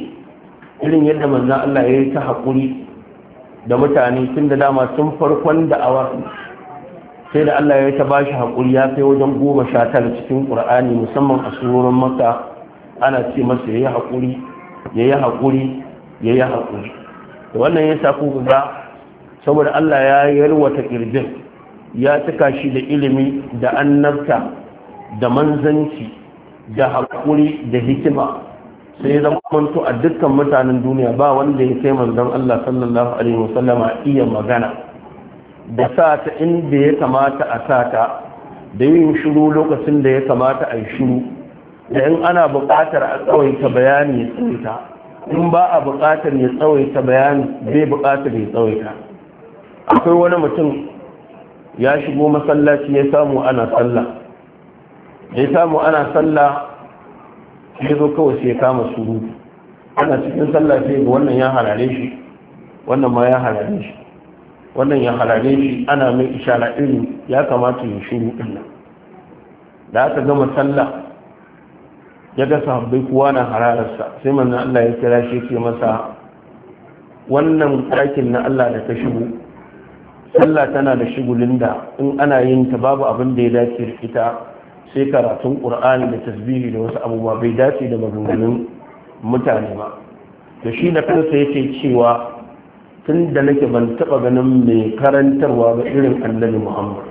irin yadda manzan Allah ya yi ta haƙuri da mutane tun da dama sun farkon da'awa sai da Allah ya yi ta ba shi haƙuri ya kai wajen goma sha tara cikin ƙur'ani musamman a tsoron maka ana ce masa ya yi haƙuri ya yi haƙuri ya yi haƙuri da wannan ya sa kuka ga saboda Allah ya yarwata ƙirjin ya cika shi da ilimi da annabta da manzanci da haƙuri da hikima sai ya zama kwanto a dukkan mutanen duniya ba wanda ya kai manzon Allah sallallahu alaihi wasallama iya magana da sa ta inda ya kamata a sa ta da yin shiru lokacin da ya kamata a yi shiru da in ana buƙatar a tsawaita bayani ya tsawaita in ba a buƙatar ya tsawaita bayani bai buƙatar ya tsawaita akwai wani mutum ya shigo masallaci ya samu ana sallah ya samu ana sallah ya zo kawai sai ya kama surutu ana cikin sallah sai ga wannan ya halale shi wannan ma ya halale shi wannan ya halale shi ana mai ishara irin ya kamata ya shuru din nan da aka gama sallah ya ga sahabbai kowa na hararsa sai manzon Allah ya kira shi ke masa wannan ɗakin na Allah da ka shigo sallah tana da shigulin da in ana yin ta babu abin da ya dace da ita sai karatun ƙur'ani da tasbihi da wasu abubuwa bai dace da maganganun mutane ba da shi da kansa yake cewa tun da nake ban taɓa ganin mai karantarwa ga irin annabi muhammad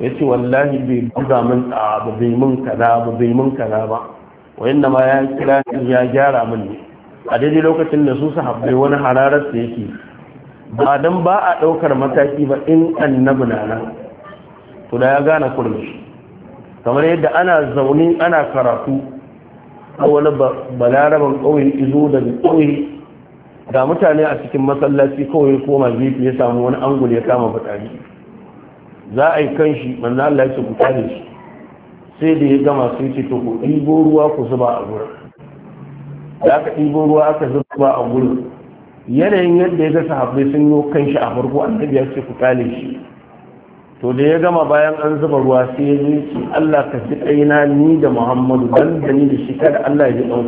ya ce wallahi bai buga min a ba bai min kaza ba bai min kaza ba wayan ma ya kira ya gyara min ne a daidai lokacin da su sahabbai wani hararar da yake ba dan ba a ɗaukar mataki ba in annabi na nan to da ya gane kurmi kamar yadda ana zaune ana karatu a wani balaraban ƙauye izo daga ƙauye ga mutane a cikin masallaci kawai koma zai ya samu wani angul ya kama fatari za a yi kan shi manzan Allah ya ce ku shi sai da ya gama sai ce to ku ɗibo ruwa ku zuba a gurin da aka ɗibo ruwa aka zuba a gurin yanayin yadda ya ga sahabbai sun yi kan shi a farko annabi ya ce ku tare shi to da ya gama bayan an zuba ruwa sai ya ce Allah ka ji kaina ni da Muhammadu dan da ni da shi kada Allah ya ji dan sai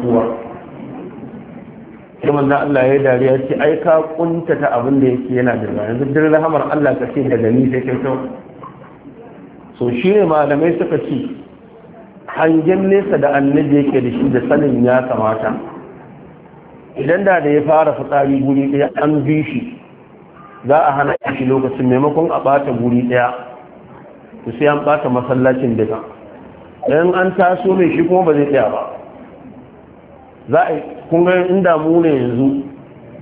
manzon Allah ya dariya ce ai ka kunta ta abin da yake yana da yanzu duk rahamar Allah ka ce daga ni sai kai sau so shi ne malamai suka ce hangen nesa da annabi yake da shi da sanin ya kamata idan da da ya fara fitsari guri ɗaya an bi shi za a hana shi lokacin maimakon a bata guri daya to sai an bata masallacin daga dan an taso mai shi kuma ba zai tsaya ba za a kun ga inda muna ne yanzu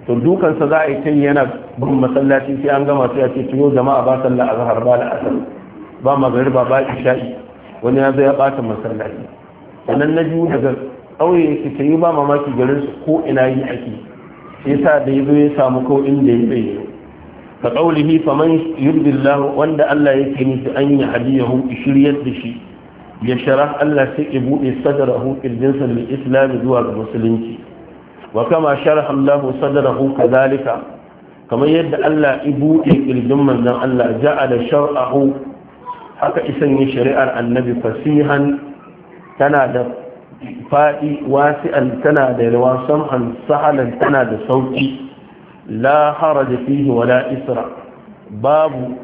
to dukansa za a yi tayi yana bin masallaci sai an gama sai a ce to jama'a ba sallah azhar ba da asar ba magriba ba isha'i wani ya zai ya bata masallaci sannan na biyu daga ƙauye su ta yi ba mamaki garin su ko ina yi ake sai sa da ya zo ya samu ko inda ya bai ka qaulihi faman yuridillahu wanda Allah yake nufi an yi hadiyahu shiryar da shi ya shara Allah sai ya bude sadrahu kirjinsa lil islam zuwa ga musulunci wa kama sharaha Allah sadrahu kadhalika kamar yadda Allah ya bude kirjin manzon Allah ja'ala shar'ahu haka isan yi shari'ar annabi fasihan tana da faɗi wasi'an tana da yawa sam'an sahalan tana da sauƙi la haraja fihi wala isra babu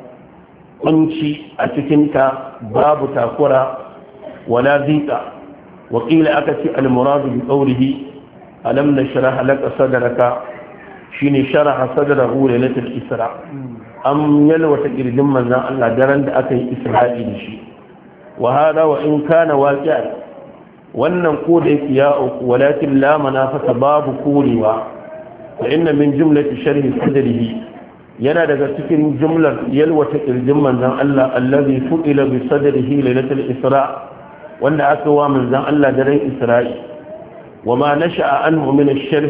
kunci a cikinta babu takura wala zika wakila aka ce almuradu bi qawlihi alam nashrah laka sadraka shine sharaha sadrahu lailatul isra am yalwata ƙirjin manzon Allah daren da aka yi isra'i da shi wa hada wa in kana waqi'a wannan ko da yake ya walakin la manafata babu korewa. fa inna min jumlati sharhi sadrihi yana daga cikin jumlar yalwata kirjin manzon Allah allazi fu'ila bi sadrihi lailatul isra wanda aka wa manzon Allah daren isra'i wa ma nasha'a anhu min ash-sharh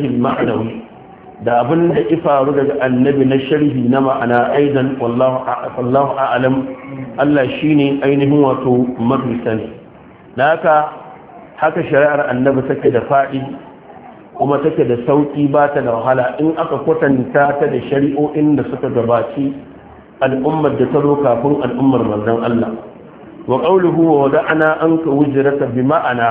da abin da ifaru daga annabi na sharhi na ma'ana aidan wallahu a'lam Allah shine ainihin wato mafi sani da haka shari'ar annabi take da faɗi? kuma take da sauƙi ba ta da wahala in aka kwatanta ta da shari'o'in da suka gabaci al'ummar da ta zo kafin al'ummar manzon Allah wa qawluhu wa wada'ana anka wujrata bi ma'ana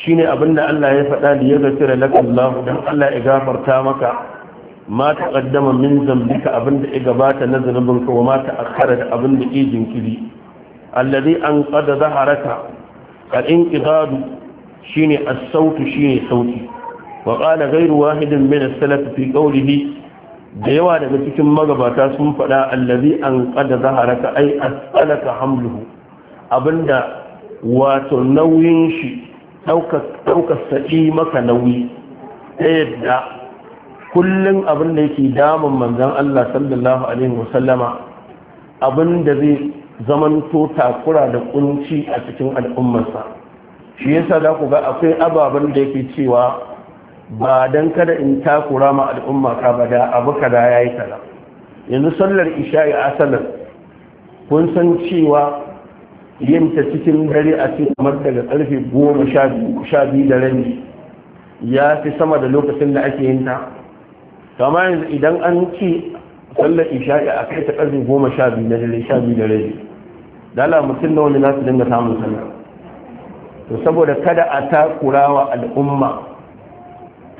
shine abinda Allah ya faɗa da ya zakira laka Allah dan Allah ya gafarta maka ma taqaddama min zambika abinda ya gabata na ka wa ma ta'akhkhara da abinda ya jinkiri alladhi an qada zaharaka al inqidadu shine as-sautu shine sauti wa qala ghayru wahidin min as fi qawlihi da yawa daga cikin magabata sun faɗa allazi an zahara ka ai as'alaka hamluhu abinda wato nauyin shi ɗaukar saɗi maka nauyi ta yadda kullum abin da yake damun manzan Allah sallallahu Alaihi wasallama abin da zai zamanto takura da kunci a cikin al'ummarsa shi yasa za ku ga akwai ababen da yake cewa ba dan kada in takura ma al'umma ka ba da abu kada yayi kaza yanzu sallar isha'i asalan kun san cewa yin ta cikin dare a cikin kamar daga karfe 10 da rabi ya fi sama da lokacin da ake yin ta kama yanzu idan an ci sallar isha'i a kai ta karfe 10 na dare 12 da rabi dala mutum na wani nasu dinga samun sallar to saboda kada a takura wa al'umma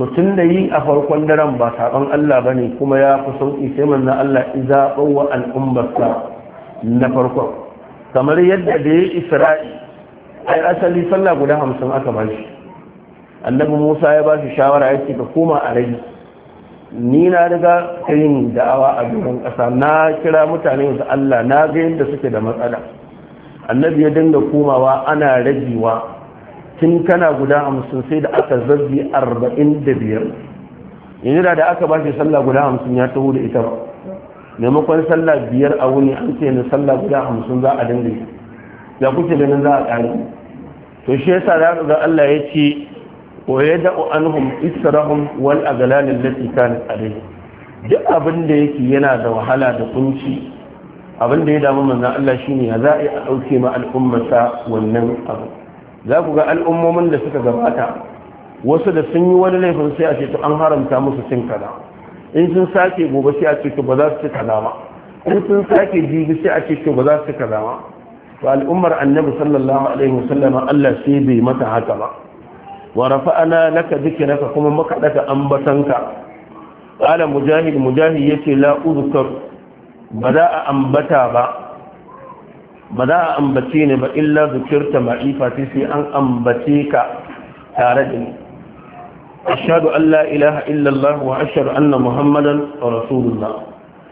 to tun da yi a farkon daren ba saban Allah ba ne kuma ya fi sauƙi sai manna Allah zaɓar wa al'ummarsa na farkon kamar yadda da ya isra'i ai asali sallah guda hamsin aka ba shi annabi musa ya ba shi shawara ya ce ka koma a rai ni na riga kayin yin da'awa a doron ƙasa na kira mutane su Allah na ga yadda suke da matsala annabi ya dinga komawa ana ragewa tun kana guda hamsin sai da aka zabbi arba'in da biyar yanzu da da aka shi sallah guda hamsin ya taho da ita ba maimakon sallah biyar a wuni an ce na sallah guda hamsin za a dinga ya kuke ganin za a ƙari to shi yasa da ga Allah ya ce wa yada'u anhum israhum wal aghlal allati kanat alayhi duk abin da yake yana da wahala da kunci abin da ya damu manzon Allah shine ya za a dauke ma al'ummata wannan abu za ku ga al'ummomin da suka gabata wasu da sun yi wani laifin sai a ce to an haramta musu cin kaza in sun sake gobe sai a ce to ba za su ci kaza ba in sun sake jibi sai a ce to ba za su ci kaza ba to al'ummar annabi sallallahu alaihi wasallam Allah sai bai mata haka ba wa rafa'ana laka dhikraka kuma muka daga ambatanka qala mujahid mujahid yace la uzkar ba za a ambata ba ba za a ambace ni ba illa zukirta ma'ifa sai an ambace ka tare da ni ashhadu an ilaha illallah wa anna muhammadan rasulullah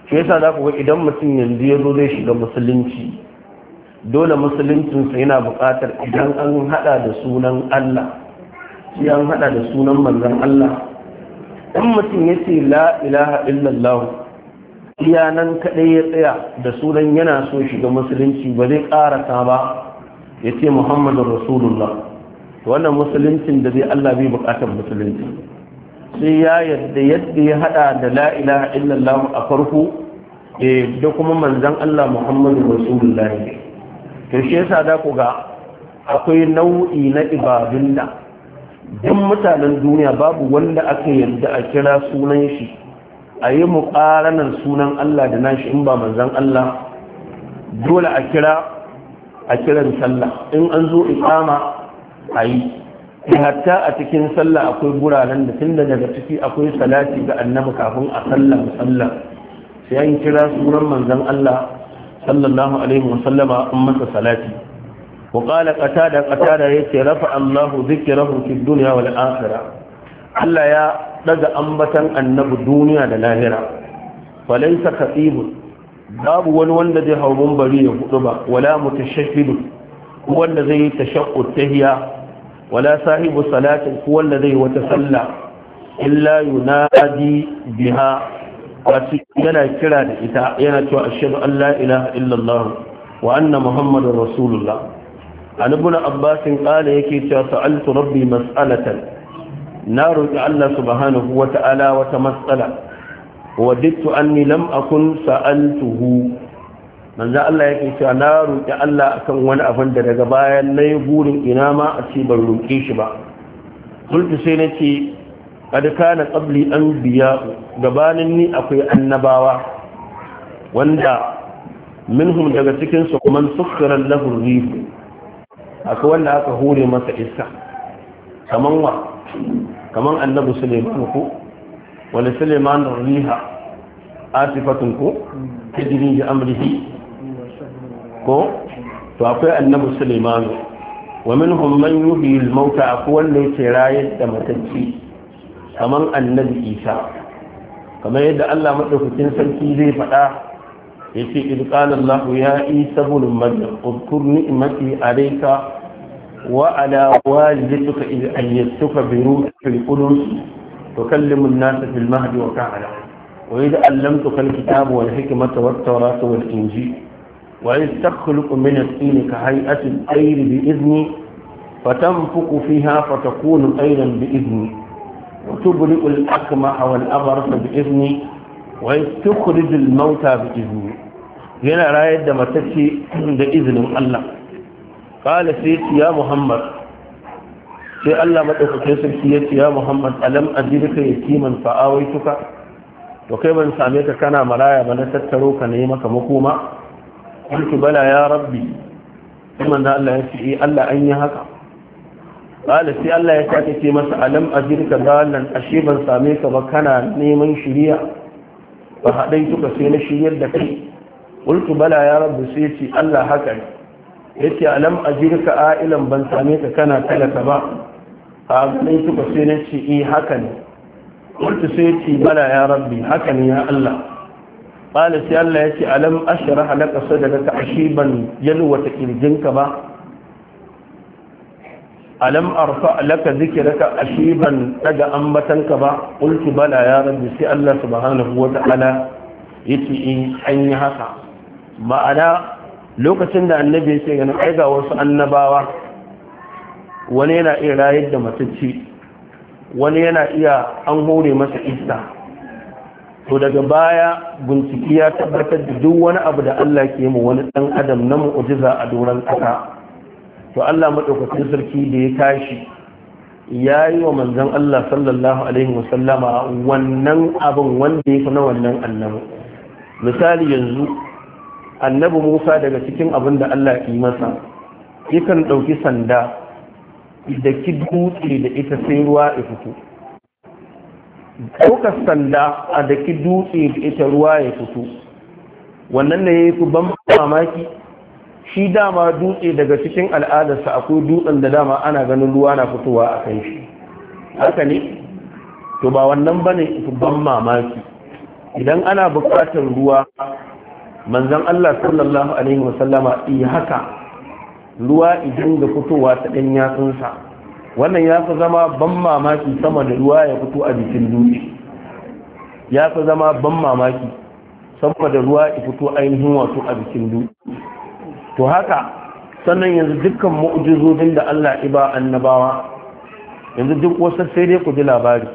shi yasa za ku ga idan mutum yanzu ya zo zai shiga musulunci dole musuluncinsa yana buƙatar idan an haɗa da sunan Allah sai an haɗa da sunan manzon Allah in mutum ya ce la ilaha illallah iya nan kaɗai ya tsaya da sunan yana so shiga musulunci ba zai ƙarasa ba ya ce muhammadu rasulullah wannan musuluncin da zai allah bai buƙatar musulunci sai ya yadda yadda ya haɗa da la'ilaha illallah a farko eh, da kuma manzan allah muhammadu rasulullah to shi yasa da ku ga akwai nau'i na ibadun da duk mutanen duniya babu wanda aka yadda a kira sunan shi a yi muƙaranar sunan Allah da nashi in ba manzan Allah dole a kira a kiran sallah in an zo iqama a yi eh, hatta a cikin sallah akwai guraren da tun daga ciki akwai salati ga annabi kafin a sallah sallah sai an kira sunan manzan Allah sallallahu alaihi wa sallama an masa salati وقال قتادة قتادة يتي رفع الله ذكره في الدنيا والآخرة Allah ya. daga ambatan annabi duniya da lahira falaisa khatibun babu wani wanda zai hau bari ya hudu ba wala mutashahhidu wanda zai tashe tahiya wala sahibu salatin wanda zai wata sallah illa yunadi biha wato yana kira da ita yana cewa ashhadu an la ilaha illallah wa anna muhammadar rasulullah an ibn abbas qala yake cewa sa'altu rabbi mas'alatan na roƙi Allah subhanahu wa ta'ala wata matsala wa dittu anni lam akun sa'altuhu manzo Allah yake cewa na roƙi Allah akan wani abin da daga bayan nayi burin ina ma a ce ban roƙe shi ba kullu sai nace qad kana qabli anbiya gabanin ni akwai annabawa wanda minhum daga cikin su man sukhara lahu rih akwai wanda aka hore masa iska kamar wa kamar annabi suleiman ku, wani suleiman riha asifatun ko hijirin ji amrihi ko to akwai annabi suleiman wa min hulman yuhi al-mauta akwai wanda yake rayar da matacci kamar annabi isa kamar yadda Allah madaukakin sarki zai faɗa ce idqala Allah ya isa ibn maryam udkur ni'mati alayka وعلى والدتك أن يتك بروح القدس تكلم الناس في المهد وكهلا وإذ علمتك الكتاب والحكمة والتوراة والإنجيل وإذ تخلق من الطين كهيئة الطير بإذني فتنفق فيها فتكون طيرا بإذني وتبرئ الأكمح والأبرص بإذني وإذ تخرج الموتى بإذني yana rayar da matacce da izinin Allah kala sai ce ya muhammad sai allah maɗaukakin sarki ya ce ya muhammad alam ajirka yatiman fa'awaituka to kai ban same ka kana maraya ba na tattaro ka ne maka makoma قلت بلى يا ربي ثم ان الله يسعي الا ان يهك قال سي الله يسعي تي مسا الم اجرك ضالا اشي ban same ka ba kana neman shiriya ba hadai tuka sai na shiriyar da kai قلت بلى يا ربي sai ce Allah haka ne yace alam a ajirka ailan ban same ka kana talaka ba a ganin shi ba sai na nace yi e, haka ne qultu sai yace bala ya rabbi haka ne ya Allah qala sai Allah ce alam ashraha laka sadaka ashiban yalwa ta kirjinka ba alam arfa laka dhikraka ashiban daga ambatanka ba qultu bala ya rabbi sai Allah subhanahu wa ta'ala yace eh an yi haka ma'ana lokacin da annabi yake ganin ai ga wasu annabawa wani yana iya rayar da matacci wani yana iya an hore masa isa to daga baya bincike ya tabbatar da duk wani abu da Allah ke mu wani dan adam na mu'jiza a doron kasa to Allah madaukakin sarki da ya tashi ya yi wa manzon Allah sallallahu alaihi wasallama wannan abin wanda ya fi na wannan annabi misali yanzu annabi musa daga cikin abin da allah yi masa yakan ɗauki sanda da ki dutse da ita sai ruwa ya fito ɗaukar sanda a da ki dutse da ita ruwa ya fito wannan ne ya fi ban mamaki shi dama dutse daga cikin al'adarsa akwai dutsen da dama ana ganin ruwa na fitowa a kan shi haka ne to ba wannan ba ne ban mamaki idan ana buƙatar ruwa manzan Allah sallallahu alaihi wasallama yi haka ruwa idan da fitowa ta ɗan yatsunsa wannan ya fi zama ban mamaki sama da ruwa ya fito a jikin dutse ya fi zama ban mamaki sama da ruwa ya fito ainihin wato a jikin dutse to haka sannan yanzu dukkan mu'jizodin da Allah iba annabawa yanzu duk wasu sai dai ku ji labari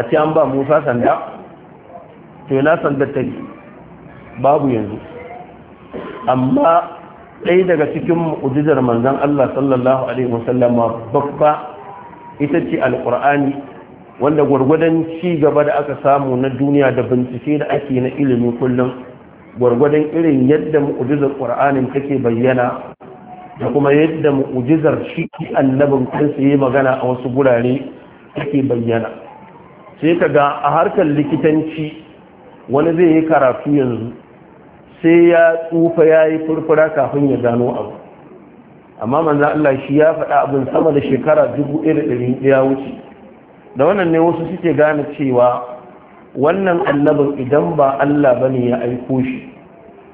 a ce an ba Musa sanda to yana sandar take babu yanzu amma ɗaya daga cikin mu'ujizar manzon Allah sallallahu alaihi wasallama babba ita ce Alƙur'ani, wanda gwargwadon ci gaba da aka samu na duniya da bincike da ake na ilimi kullum gwargwadon irin yadda mu'ujizar ƙur'anin take bayyana da kuma yadda mu'ujizar shi annabin kansa yi magana a wasu gurare take bayyana sai ka ga a harkar likitanci wani zai yi karatu yanzu sai ya tsufa ya yi furfura kafin ya gano abu amma manzan Allah shi ya faɗa abin sama da shekara dubu ɗari ya wuce da wannan ne wasu suke gane cewa wannan annabin idan ba Allah ba ne ya aiko shi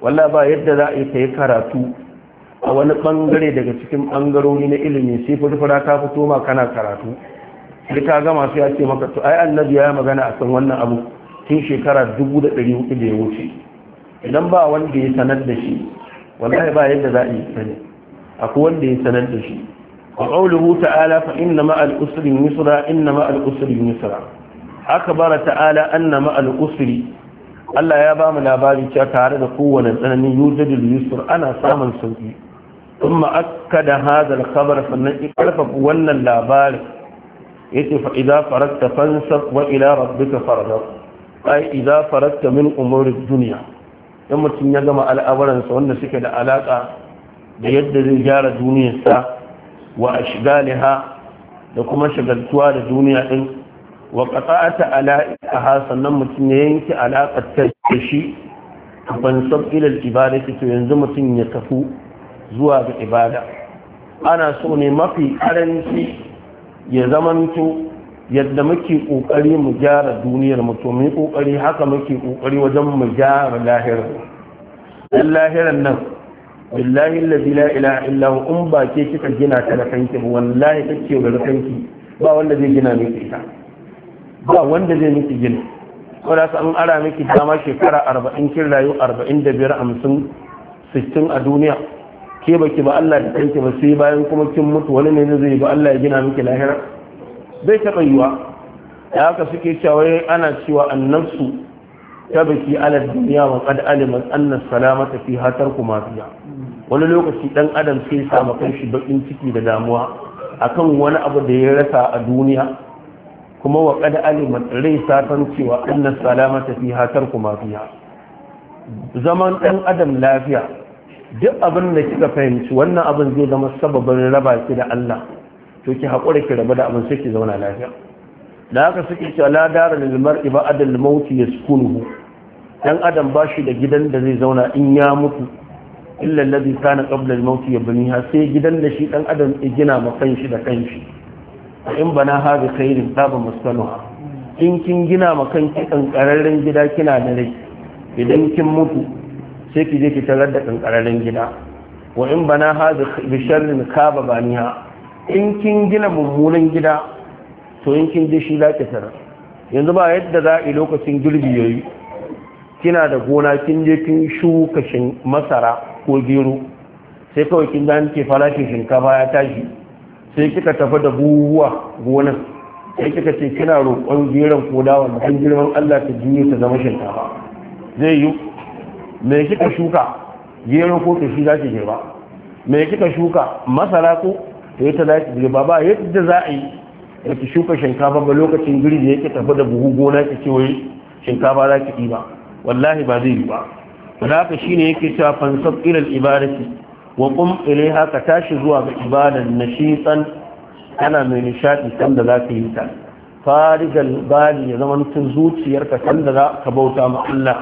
wallah ba yadda za a yi ta karatu a wani ɓangare daga cikin ɓangarori na ilimi sai furfura ka fito ma kana karatu sai ka gama sai ya ce maka to ai annabi ya magana a akan wannan abu tun shekara dubu da ɗari hudu ya wuce idan ba wanda ya sanar da shi wallahi ba yadda za a yi sani aku wanda ya sanar da shi wa qawluhu ta'ala fa inna ma'al usri yusra inna ma'al usri yusra akbara ta'ala anna ma'al usri Allah ya ba mu labari cewa tare da kowane tsanani yujadul yusr ana samun sauki ثم أكد هذا الخبر فنقلف ولا اللابار يتف إذا فرقت فانسب وإلى ربك فارغب أي إذا فرقت min أمور الدنيا dan mutum ya gama al'amuransa wanda suke da alaƙa da yadda zai gyara duniyarsa wa ashgaliha da kuma shagaltuwa da duniya ɗin, wa qata'ata ala'iha sannan mutum ya yanke alakar ta da shi ban sab ibada ibadati to yanzu mutum ya tafi zuwa ga ibada ana so ne mafi karanci ya zamanto yadda muke kokari mu gyara duniyar mu to mu kokari haka muke kokari wajen mu gyara lahirar dan lahirar nan billahi allazi la ilaha illa hu in ba ke kika gina ta da kanki wallahi kake da kanki ba wanda zai gina miki ita ba wanda zai miki gina ko da an ara miki dama shekara 40 kin rayu 45 50 60 a duniya ke baki ba Allah da kanki ba sai bayan kuma kin mutu wani ne zai ba Allah ya gina miki lahira bai taɓa yiwa da haka suke cewa ana cewa annansu. ta baki ala duniya wa kad aliman anna ta fi hatar kuma fiya wani lokaci dan adam sai ya samu kanshi bakin ciki da damuwa akan wani abu da ya rasa a duniya kuma wa kad aliman rai satan cewa anna ta fi hatar kuma fiya zaman dan adam lafiya duk abin da kika fahimci wannan abin zai zama sababin raba ki da Allah to ki haƙura ki rabu da abin sai ki zauna lafiya da haka suke cewa la dara lil mar'i ba adal maut yaskunuhu dan adam ba shi da gidan da zai zauna in ya mutu illa alladhi kana qabla al maut yabniha sai gidan da shi dan adam ya gina ma kanshi da kanshi in bana ha bi khairin taba mustanuha in kin gina ma kanki kankararren gida kina da rai idan kin mutu sai ki je ki tarar da kankararren gida wa in bana ha bi sharrin kaba baniha in kin gina mummunan gida to in kin je shi laƙitar yanzu ba yadda za a yi lokacin girbi ya yi kina da gona kin je kin shuka masara ko gero sai kawai kin gani ke farashin shinkafa ya tashi sai kika tafi da buhuwa gonan sai kika ce kina roƙon geron ko dawa mutum girman Allah ta jiyo ta zama shinkafa zai yi me kika shuka gero ko ta shi za ki girba me kika shuka masara ko ta yi ta dace ba ba yadda za a yi da ki shuka shinkafa ba lokacin girbi yake tafi da buhu gona ki ce wai shinkafa za ki ba wallahi ba zai yi ba da shi shine yake cewa fansab ila ibadati wa qum ilaiha haka tashi zuwa ga ibadan san kana mai nishadi kan da za ka yi ta farigal bali ya zama nufin zuciyarka kan da za ka bauta ma Allah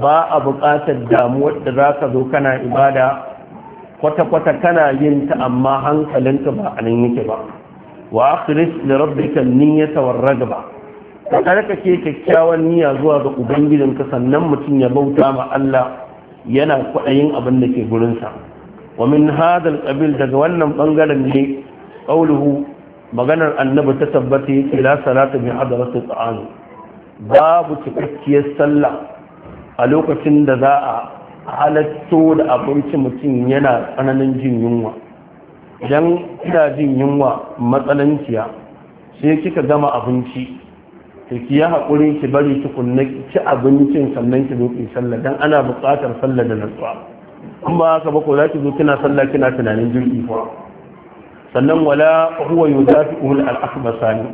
ba a buƙatar damuwar da za ka zo kana ibada kwata-kwata kana yin ta amma hankalinka ba a nan yake ba wa akhiris li rabbika niyyata war ragba ka ke kyakkyawan niyya zuwa ga ubangijinka sannan mutum ya bauta ma Allah yana kwaɗayin abin da ke gurin sa wa min hadal qabil daga wannan bangaren ne qauluhu maganar annabi ta tabbata yake la salata bi hadrati ta'am babu cikakkiyar sallah a lokacin da za a A halatto da abinci mutum yana tsananin jin yunwa idan ina jin yunwa matsananciya sai kika gama abinci ta ki ya haƙuri ki bari tukunna ki abincin sannan ki zo sallah don ana buƙatar sallah da nutsuwa kuma haka ba ko za ki zo kina sallah kina tunanin jirgi fa sannan wala huwa yudafi'ul al-akhbasani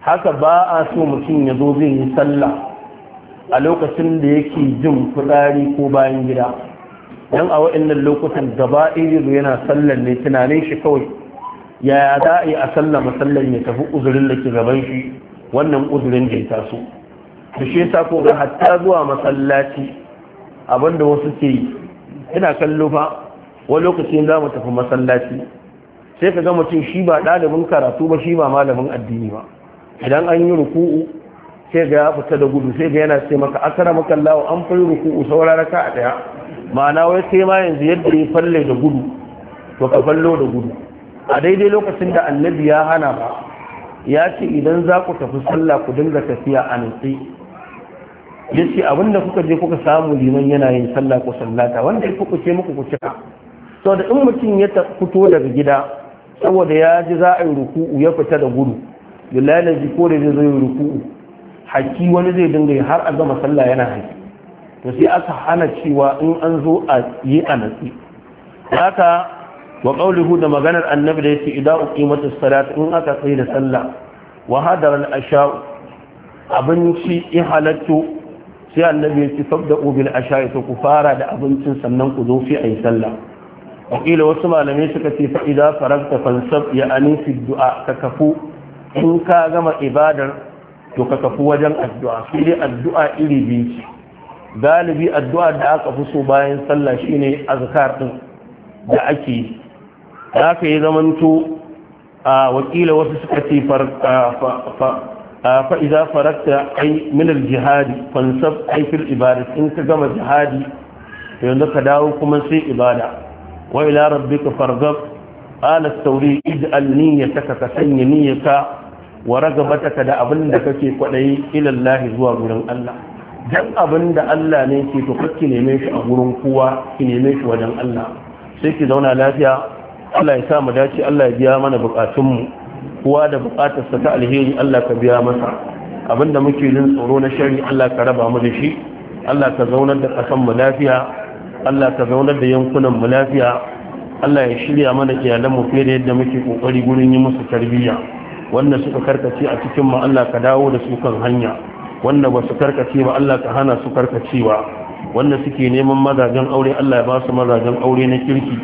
haka ba a so mutum ya zo zai yi sallah a lokacin da yake jin fitsari ko bayan gida Don a wa'annan lokutan gaba irizu yana sallar ne tunanin shi kawai yaya za a yi a sallar masallar ya tafi uzurin da ke gaban shi wannan uzurin da ya taso da shi ya sako ga hatta zuwa masallaci abinda wasu ke yi ina kallo fa wani lokacin za mu tafi masallaci sai ka ga mutum shi ba ɗalibin karatu ba shi ba malamin addini ba idan an yi ruku'u sai ga ya fita da gudu sai ga yana ce maka akara maka lawo an fi ruku saura raka a daya ma'ana wai sai ma yanzu yadda ya falle da gudu to ka fallo da gudu a daidai lokacin da annabi ya hana ba ya ce idan za ku tafi sallah ku dinga tafiya a nutsi ya ce abinda kuka je kuka samu liman yana yin sallah ko sallata wanda kuka ce muku ku cika sau da in mutum ya fito daga gida saboda ya ji za a yi ruku'u ya fita da gudu billahi ko da zai yi ruku'u haki wani zai dinga yi har a gama sallah yana haki to sai aka hana cewa in an zo a yi a natsi haka wa qawluhu da maganar annabi da yake idan uqimatus salat in aka tsaye da sallah wa hadara al-asha abinci in halattu sai annabi ya ce fabda'u bil asha ku fara da abincin sannan ku zo fi ayi sallah wakila wasu malamai suka ce fa idza faragta fansab ya ani du'a ka kafu in ka gama ibadar to ka tafi wajen addu'a sai addu'a iri biyu galibi addu'a da aka fi so bayan sallah shine azkar ɗin da ake yi da ka yi zamanto a wakila wasu suka ce fa'iza farakta ai minar jihadi fansab aifil ibada in ka gama jihadi yanzu ka dawo kuma sai ibada wa ila rabbika fargab ala sauri ya taka ka sanya niyyaka wa ragabataka da abin da kake kwaɗayi ilallahi zuwa gurin Allah dan abin da Allah ne ke to kake neme shi a gurin kowa ki neme shi wajen Allah sai ki zauna lafiya Allah ya sa mu dace Allah ya biya mana bukatun mu kowa da bukatarsa ta alheri Allah ka biya masa abinda muke yin tsoro na shari Allah ka raba mu da shi Allah ka zaunar da kasan mu lafiya Allah ka zaunar da yankunan mu lafiya Allah ya shirya mana iyalan mu fiye da yadda muke kokari gurin yi musu tarbiyya wanda suka karkace a cikin mu Allah ka dawo da su kan hanya wanda ba su karkace ba Allah ka hana su karkacewa wanda suke neman mazajen aure Allah ya ba su mazajen aure na kirki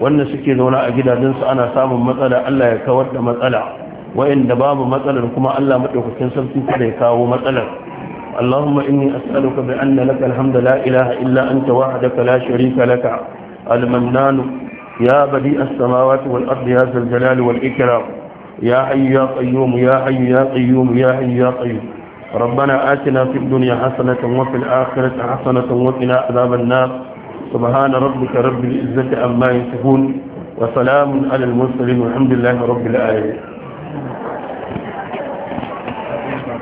wanda suke zauna a gidajensu ana samun matsala Allah ya kawar da matsala wa'inda babu matsalar kuma Allah madaukakin sarki kada ya kawo matsalar اللهم إني أسألك بأن لك الحمد لا إله إلا أنت وحدك لا شريك لك المنان يا بديء السماوات والأرض يا ذا الجلال والإكرام يا حي يا قيوم يا حي يا قيوم يا حي يا قيوم ربنا آتنا في الدنيا حسنة وفي الآخرة حسنة وقنا عذاب النار سبحان ربك رب العزة عما يصفون وسلام على المرسلين والحمد لله رب العالمين